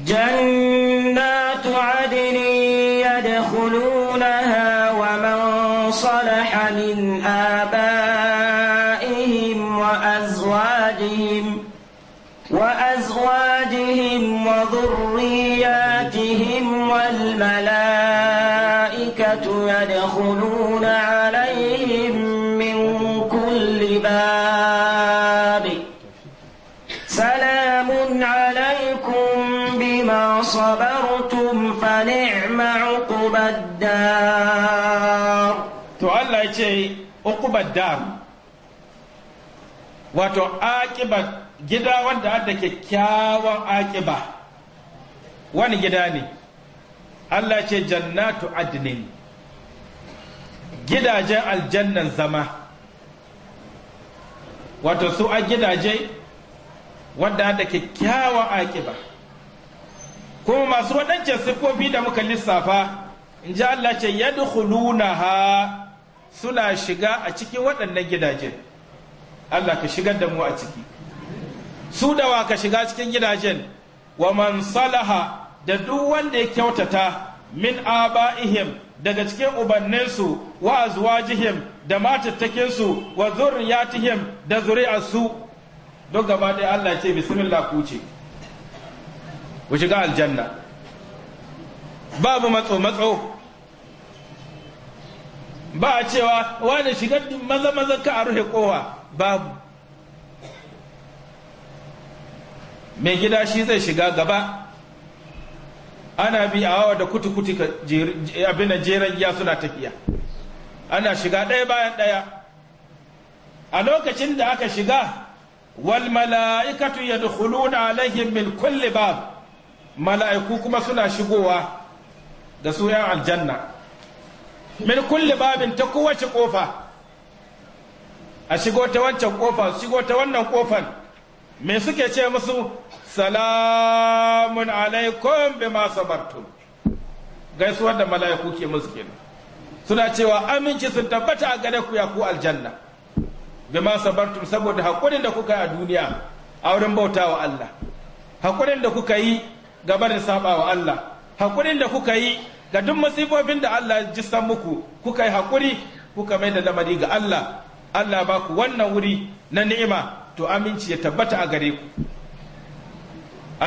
jannatu adni yadkhulunaha wa man salaha min abaihim wa azwajihim وأزواجهم وذرياتهم والملائكة فنعم عقب الدار to Allah ya ce wato akiba gida wanda adda kyakkyawan akiba wani gida ne Allah ya ce jannatu adnin gidajen aljannan zama wato su a gidaje wanda adda kyakkyawan akiba kuma masu waɗancan siffofi da muka lissafa in ji Allah ce yadkhulunaha suna shiga a cikin waɗannan gidajen Allah ka shigar da mu a ciki su dawa ka shiga cikin gidajen wa man salaha da duk wanda ya kyautata min aba'ihim daga cikin ubanninsu wa azwajihim da matattakinsu wa zurriyatihim da zuri'arsu duk gaba ɗaya Allah ce bismillah ku ce ku shiga aljanna babu matso matso ba a cewa wani shigar maza maza ka a rufe kowa babu mai gida shi zai shiga gaba ana bi a hawa da kutukuti abin jeren giya suna tafiya ana shiga ɗaya bayan ɗaya a lokacin da aka shiga wal mala'ikatu na alaihim min kulle bab mala'iku kuma suna shigowa da su yan aljanna min kulle babin ta kowace kofa a shigo ta wancan kofa su shigo ta wannan kofan me suke ce musu salamun alaikum ma sabartum gaisuwar da mala'iku ke musu kenan suna cewa aminci sun tabbata a gare ku ya ku aljanna ma sabartum saboda hakurin da kuka yi a duniya a wurin bautawa Allah haƙurin da kuka yi gaba da saba wa Allah hakurin da kuka yi ga duk masifofin da Allah ya san muku kuka yi hakuri kuka mai da lamari ga Allah Allah ba ku wannan wuri na ni'ima to aminci ya tabbata a gare ku